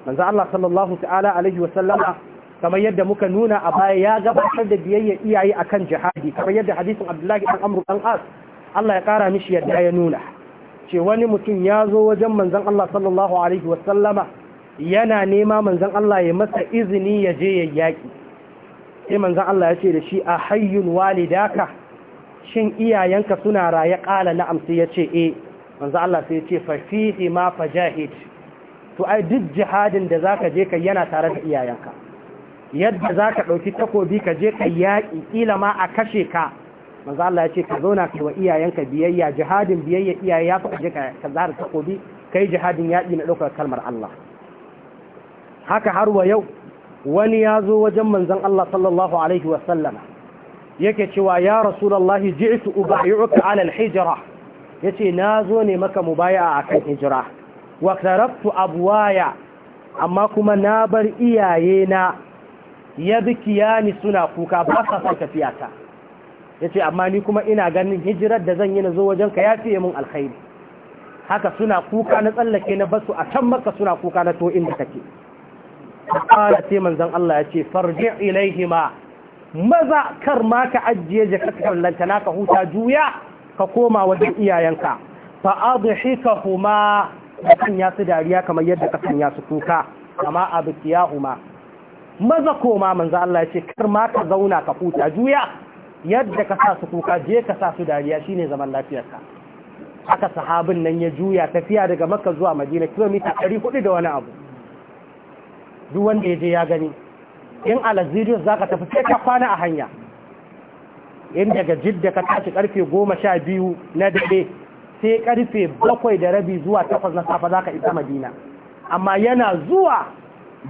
manzo Allah sallallahu ta'ala alaihi wasallama kamar yadda muka nuna a baya ya gabatar da biyayya iyaye akan jihadi kamar yadda hadisin Abdullahi ibn Amr ibn As Allah ya kara mishi yadda ya nuna ce wani mutum ya zo wajen manzon Allah sallallahu alaihi wasallama yana nema manzon Allah ya masa izini ya je ya yaki sai manzon Allah ya ce da shi a hayyun walidaka shin iyayenka suna raye kala na sai ya ce eh manzo Allah sai ya ce fa fihi ma fajahid to ai duk jihadin da zaka je kai yana tare da iyayenka yadda zaka dauki takobi ka je kai yaki kila ma a kashe ka manzo Allah ya ce ka zauna kai wa iyayenka biyayya jihadin biyayya iyaye ya fi je ka zara takobi kai jihadin yaki na daukar kalmar Allah haka har wa yau wani ya zo wajen manzon Allah sallallahu alaihi wa sallama yake cewa ya rasulullahi ji'tu ubayyuka ala al-hijra Yace ce na zo ne maka mubaya a kan hijira wa abuwaya amma kuma na bar iyaye na ya ni suna kuka ba sa son tafiya ta ya amma ni kuma ina ganin hijirar da zan yi na zo wajen ka ya fiye mun alkhairi haka suna kuka na tsallake na basu a can maka suna kuka na to inda kake kala sai manzon Allah ya ce farji ilaihima maza kar ma ka ajiye jakarka lantana ka huta juya ka koma wajen iyayenka fa shi ka ya su dariya kamar yadda ka sanya su kuka kama huma. maza koma manzo Allah ya ce kar ma ka zauna ka huta juya yadda ka sa su kuka je ka sa su dariya shine zaman lafiyarka haka sahabin nan ya juya tafiya daga maka zuwa Madina kilomita 400 da wani abu duk wanda ya je ya gani in alazirius zaka tafi sai ka kwana a hanya in daga jidda ka tashi karfe goma sha biyu na dare sai karfe bakwai da rabi zuwa takwas na safa zaka isa madina amma yana zuwa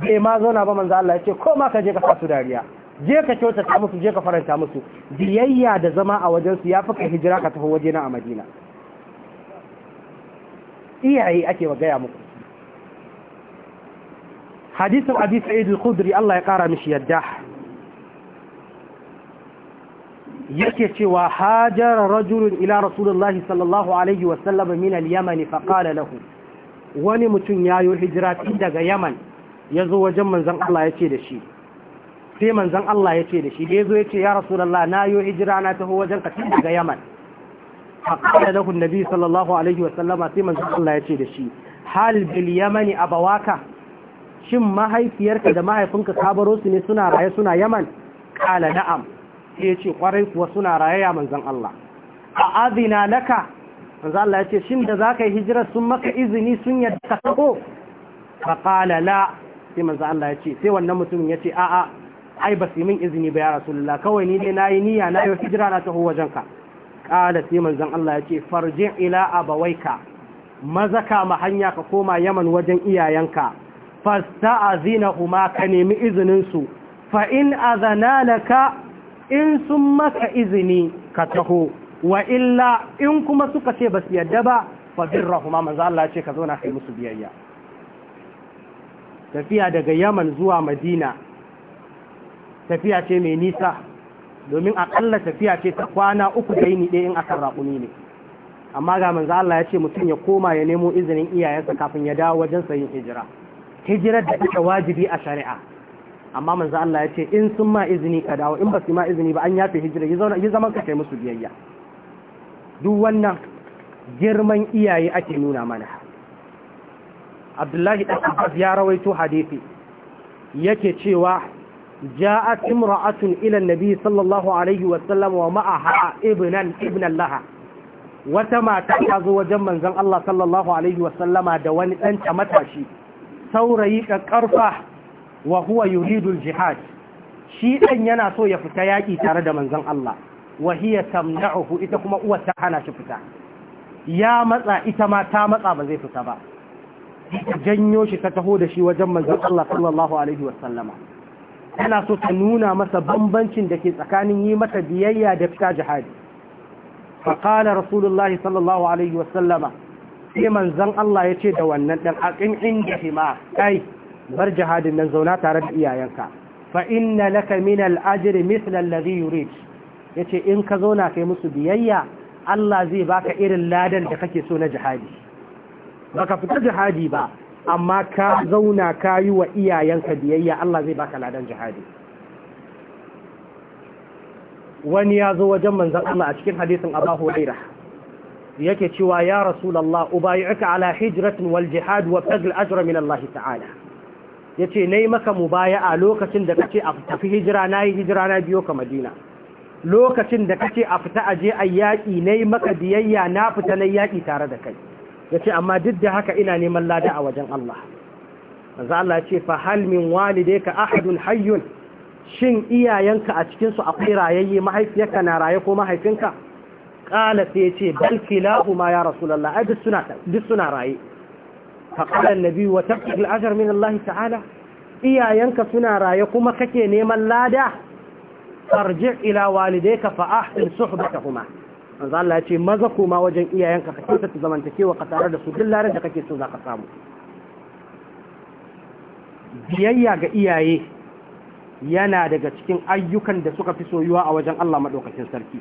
bai ma zauna ba manzo Allah ya ce ko ma ka je ka fasu dariya je ka kyautata musu je ka faranta musu biyayya da zama a wajensu ya fi ka hijira ka tafi waje na a madina iyaye ake wa gaya muku hadisin abi sa'id al-khudri Allah ya kara mishi yadda yake cewa hajar rajulun ila rasulullahi sallallahu alaihi wasallam min al-yaman fa qala lahu wani mutum yayo hijira tun daga yaman yazo wajen manzon Allah yace da shi sai manzon Allah yace da shi da yazo yace ya rasulullahi nayo hijira na taho wajen ka tun daga yaman fa qala lahu an-nabi sallallahu alaihi wasallama sai manzon Allah yace da shi hal bil yamani abawaka shin mahaifiyarka da mahaifinka kabaro su ne suna raye suna yaman qala na'am ya ce kwarai kuwa suna rayaya manzan Allah a azina laka manzan Allah ya ce shin da za ka yi hijira sun maka izini sun yadda ka sako ka kala la sai manzan Allah ya ce sai wannan mutumin ya ce a'a ai ba su min izini ba ya rasulullah kawai ni na yi niyya na yi hijira na taho wajen ka kala sai manzan Allah ya ce farji ila abawaika maza ka ma hanya ka koma yaman wajen iyayenka kuma ka nemi izinin su fa in azanalaka in sun maka izini ka taho wa illa in kuma suka ce ba su yadda ba fa rahuma manzo Allah ce ka zauna kai musu biyayya tafiya daga Yaman zuwa Madina tafiya ce mai nisa domin akalla tafiya ce ta kwana uku da yini ɗaya in akan raƙuni ne amma ga manzo Allah ya ce mutum ya koma ya nemo izinin iyayensa kafin ya dawo wajen sayin hijira hijirar da take wajibi a shari'a amma manzo Allah ya ce in sun ma izini ka dawo in ba su ma izini ba an yafe hijira yi zaman ka kai musu biyayya duk wannan girman iyaye ake nuna mana Abdullahi dan ya rawaito hadisi yake cewa ja'at imra'atun ila an-nabi sallallahu alaihi wa sallam wa ma'aha ibnan ibnan laha wata mata ta zo wajen manzon Allah sallallahu alaihi wa sallama da wani ɗanta ta matashi saurayi ka karfa wa huwa yuridul jihad shi ɗan yana so ya fita yaƙi tare da manzon Allah wa hiya tamna'uhu ita kuma uwar ta hana shi fita ya matsa ita ma ta matsa ba zai fita ba janyo shi ta taho da shi wajen manzon Allah sallallahu alaihi wa sallama so ta nuna masa bambancin da ke tsakanin yi mata biyayya da fita jihadi فقال رسول الله صلى الله عليه sai manzan Allah ya ce da wannan ɗan aƙin inda hima kai. bar jihadin nan zauna tare da iyayenka fa inna laka min al-ajri mithla alladhi yurid yace in ka zauna kai musu biyayya Allah zai baka irin ladan da kake so na jihadi baka fita jihadi ba amma ka zauna ka wa iyayenka biyayya Allah zai baka ladan jihadi wani ya zo wajen manzon Allah a cikin hadisin Abu Hurairah yake cewa ya Rasulullah ubayyuka ala hijratin wal jihad wa fadl ajra min Allah ta'ala ya ce na yi maka baya a lokacin da kace a tafi hijira na yi hijira na biyo ka madina lokacin da kace a fita aje a yaƙi na yi maka biyayya na fita na yaƙi tare da kai ya ce amma duk da haka ina neman lada a wajen Allah manzo Allah ya ce fa hal min walidayka ahadun hayyun shin iyayenka a cikin su akwai rayayye mahaifiyarka na raye ko mahaifinka qala sai ya ce bal ma ya rasulullah ai duk suna duk suna raye فقال النبي وتبتغ الأجر من الله تعالى iyayenka suna raye kuma kake neman lada farji ila walidayka fa ahsin suhbatahuma manzo Allah ya ce maza kuma wajen iyayenka ka kyautata zamantakewa ka da su duk ladan kake so samu biyayya ga iyaye yana daga cikin ayyukan da suka fi soyuwa a wajen Allah madaukakin sarki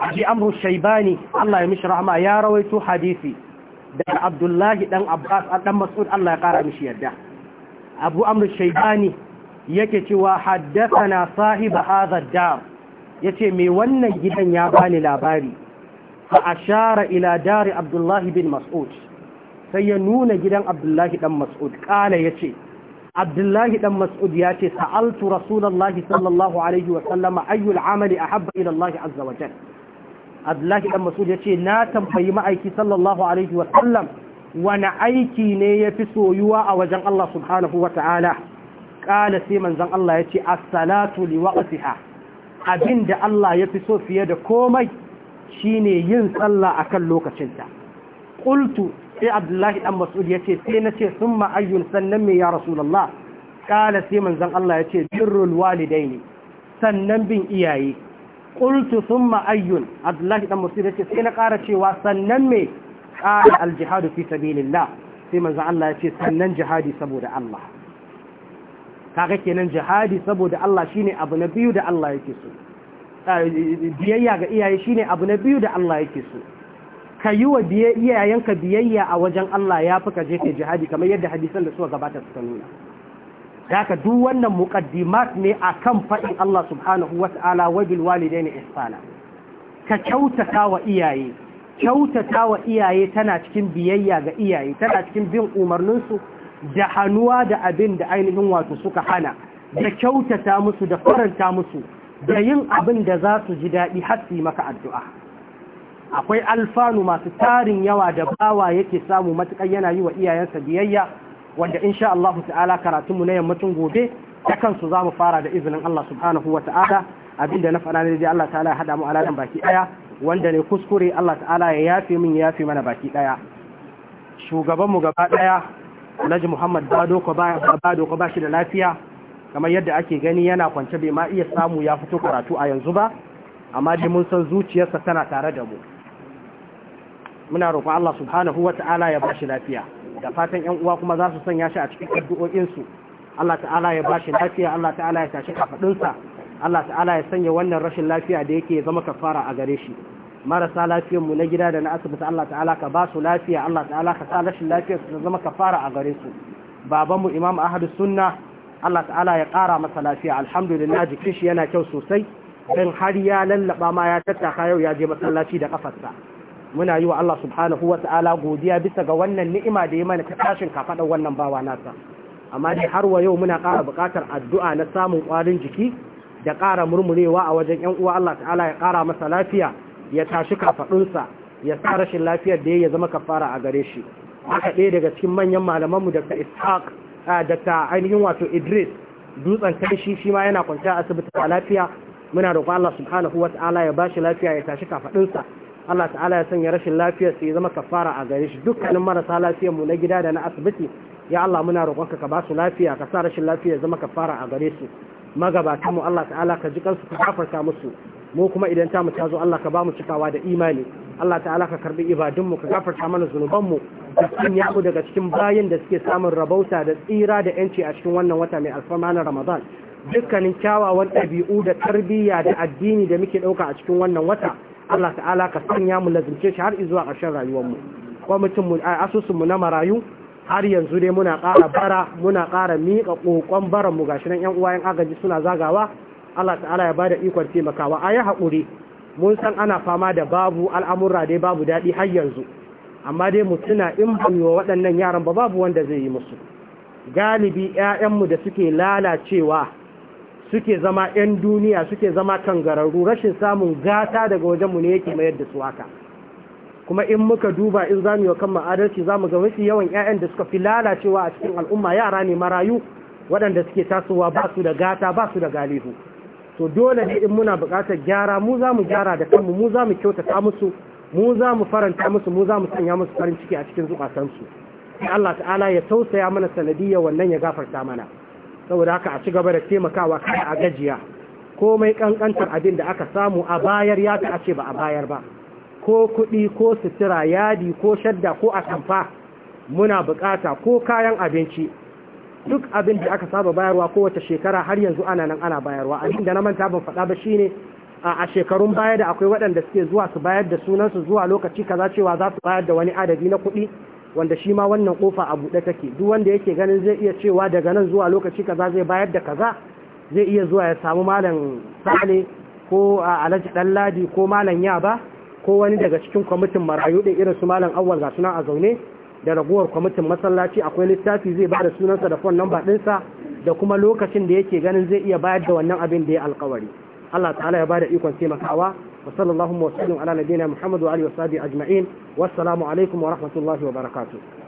Abi Amru Shaybani Allah ya mishi rahma ya rawaito hadisi daga abdullahi ɗan abbas dan mas'ud Allah ya kara mishi yadda abu amr shaybani yake cewa sahiba sahib hadha ya yace me wannan gidan ya bani labari fa ashara ila dari abdullahi bin mas'ud sai ya nuna gidan abdullahi dan mas'ud kala yace abdullahi dan mas'ud ya ce sa'altu rasulullahi sallallahu alaihi wa sallama ayyul amali ahabba ila Allah azza wa jalla abdullahi dan masud yace ce na tambayi ma'aiki sallallahu alaihi wa sallam wani aiki ne ya fi soyuwa a wajen Allah subhanahu wa ta'ala kala sai manzan Allah ya ce assalatu li waqtiha abinda Allah ya fi so fiye da komai shine yin sallah akan lokacinta qultu sai Abdullahi dan Mas'ud yace ce sai nace summa ayyun sannan me ya rasulullah kala sai manzan Allah ya ce birrul walidaini sannan bin iyaye qultu thumma ayyun abdullahi ɗan musir ce sai na ƙara cewa sannan me ƙara aljihadu fi fi sabilillah sai manzan Allah ya ce sannan jihadi saboda Allah kaga kenan jihadi saboda Allah shine abu na biyu da Allah yake so ah, biyayya ga iyaye shine abu na biyu da Allah yake so ka yi wa iyayenka biyayya a wajen Allah ya fi ka je ka jihadi kamar yadda hadisan da suka gabata suka nuna haka duk wannan muqaddimat ne akan faɗin Allah subhanahu wata'ala wa bil walidaini ihsana ka kyautata wa iyaye kyautata wa iyaye tana cikin biyayya ga iyaye tana cikin bin umarninsu da hannuwa da abin da ainihin wato suka hana da kyautata musu da faranta musu da yin abin da za su ji daɗi har su maka addu'a akwai alfanu masu tarin yawa da bawa yake samu matuƙar yana yi wa iyayensa biyayya wanda insha Allah ta'ala karatunmu na yammacin gobe ta kansu za mu fara da izinin Allah subhanahu wa ta'ala abinda na faɗa ne dai Allah ta'ala ya haɗa mu alalan baki ɗaya wanda ne kuskure Allah ta'ala ya yafe min ya yafe mana baki ɗaya mu gaba ɗaya Alhaji Muhammad Bado ko ba shi da lafiya kamar yadda ake gani yana kwance bai ma iya samu ya fito karatu a yanzu ba amma dai mun san zuciyarsa tana tare da mu muna roƙon Allah subhanahu wa ta'ala ya ba shi lafiya da fatan yan uwa kuma za su sanya shi a cikin addu'o'insu Allah ta'ala ya bashi lafiya Allah ta'ala ya tashi kafadinsa Allah ta'ala ya sanya wannan rashin lafiya da yake zama kafara a gare shi marasa lafiyar mu na gida da na asibiti Allah ta'ala ka ba su lafiya Allah ta'ala ka sa rashin lafiya su zama kafara a gare su babanmu Imam Ahmad Sunna Allah ta'ala ya ƙara masa lafiya alhamdulillah jikin shi yana kyau sosai dan har ya lallaba ma ya tattaka yau ya je masallaci da kafarsa muna yi wa Allah subhanahu wa ta'ala godiya bisa ga wannan ni'ima da ya mana ta tashin kafaɗar wannan bawa nasa amma dai har wa yau muna ƙara buƙatar addu'a na samun ƙwarin jiki da ƙara murmurewa a wajen ‘yan uwa Allah ta'ala ya ƙara masa lafiya ya tashi kafaɗunsa ya sa rashin lafiyar da ya zama kafara a gare shi haka ɗaya daga cikin manyan malamanmu da ta ishaq da ta ainihin wato idris dutsen kai shi ma yana kwanciya asibiti a lafiya muna roƙon Allah subhanahu wa ta'ala ya ba shi lafiya ya tashi kafaɗunsa Allah ta'ala ya sanya rashin lafiyar su ya zama kafara a gare shi dukkanin marasa lafiyar mu na gida da na asibiti ya Allah muna roƙonka ka ba su lafiya ka sa rashin lafiyar ya zama kafara a gare su magabatan mu Allah ta'ala ka ji kansu ka gafarta musu mu kuma idan ta mu tazo Allah ka ba mu cikawa da imani Allah ta'ala ka karbi ibadun mu ka gafarta mana zunuban mu da sanya mu daga cikin bayin da suke samun rabauta da tsira da yanci a cikin wannan wata mai alfarma na Ramadan dukkanin kyawawan ɗabi'u da tarbiyya da addini da muke ɗauka a cikin wannan wata Allah ta'ala ka sanya mu lazimce shi har zuwa ƙarshen rayuwarmu mutum mu asusun mu na marayu har yanzu dai muna ƙara bara muna ƙara miƙa ƙoƙon baran mu gashi nan uwa ƴan agaji suna zagawa Allah ta'ala ya bada ikon taimakawa a yi haƙuri mun san ana fama da babu al'amura dai babu daɗi har yanzu amma dai mu tuna in ba mu wa waɗannan yaran ba babu wanda zai yi musu galibi 'ya'yanmu da suke lalacewa suke zama 'yan duniya suke zama kan gararru rashin samun gata daga wajenmu ne yake mayar da su haka kuma in muka duba in za mu yi wa kan ma'adarci za mu ga mafi yawan 'ya'yan da suka fi lalacewa a cikin al'umma yara ne marayu waɗanda suke tasowa ba su da gata ba su da galihu to dole ne in muna buƙatar gyara mu za mu gyara da kanmu mu za mu kyautata musu mu za mu faranta musu mu za mu sanya musu farin ciki a cikin zukatansu Allah ta'ala ya tausaya mana sanadiyya wannan ya gafarta mana saboda haka a ci gaba da taimakawa kada a gajiya komai kankantar abin da aka samu a bayar ya ta ce ba a bayar ba ko kuɗi ko sutura yadi ko shadda ko atamfa muna bukata ko kayan abinci duk abin da aka saba bayarwa kowace shekara har yanzu ana nan ana bayarwa abin da na manta ban faɗa ba shine a shekarun baya da akwai waɗanda suke zuwa su bayar da sunansu zuwa lokaci kaza cewa za su bayar da wani adadi na kuɗi wanda shi ma wannan kofa a buɗe take duk wanda yake ganin zai iya cewa daga nan zuwa lokaci kaza zai bayar da kaza zai iya zuwa ya samu malam sale ko alhaji ɗanladi ko malam yaba ko wani daga cikin kwamitin marayu ɗin irin su malam awwal ga suna a zaune da raguwar kwamitin masallaci akwai littafi zai ba da sunansa da fon namba ɗinsa da kuma lokacin da yake ganin zai iya bayar da wannan abin da ya alkawari Allah ta'ala ya bada ikon taimakawa وصلى اللهم وسلم على نبينا محمد وآله وصحبه أجمعين والسلام عليكم ورحمة الله وبركاته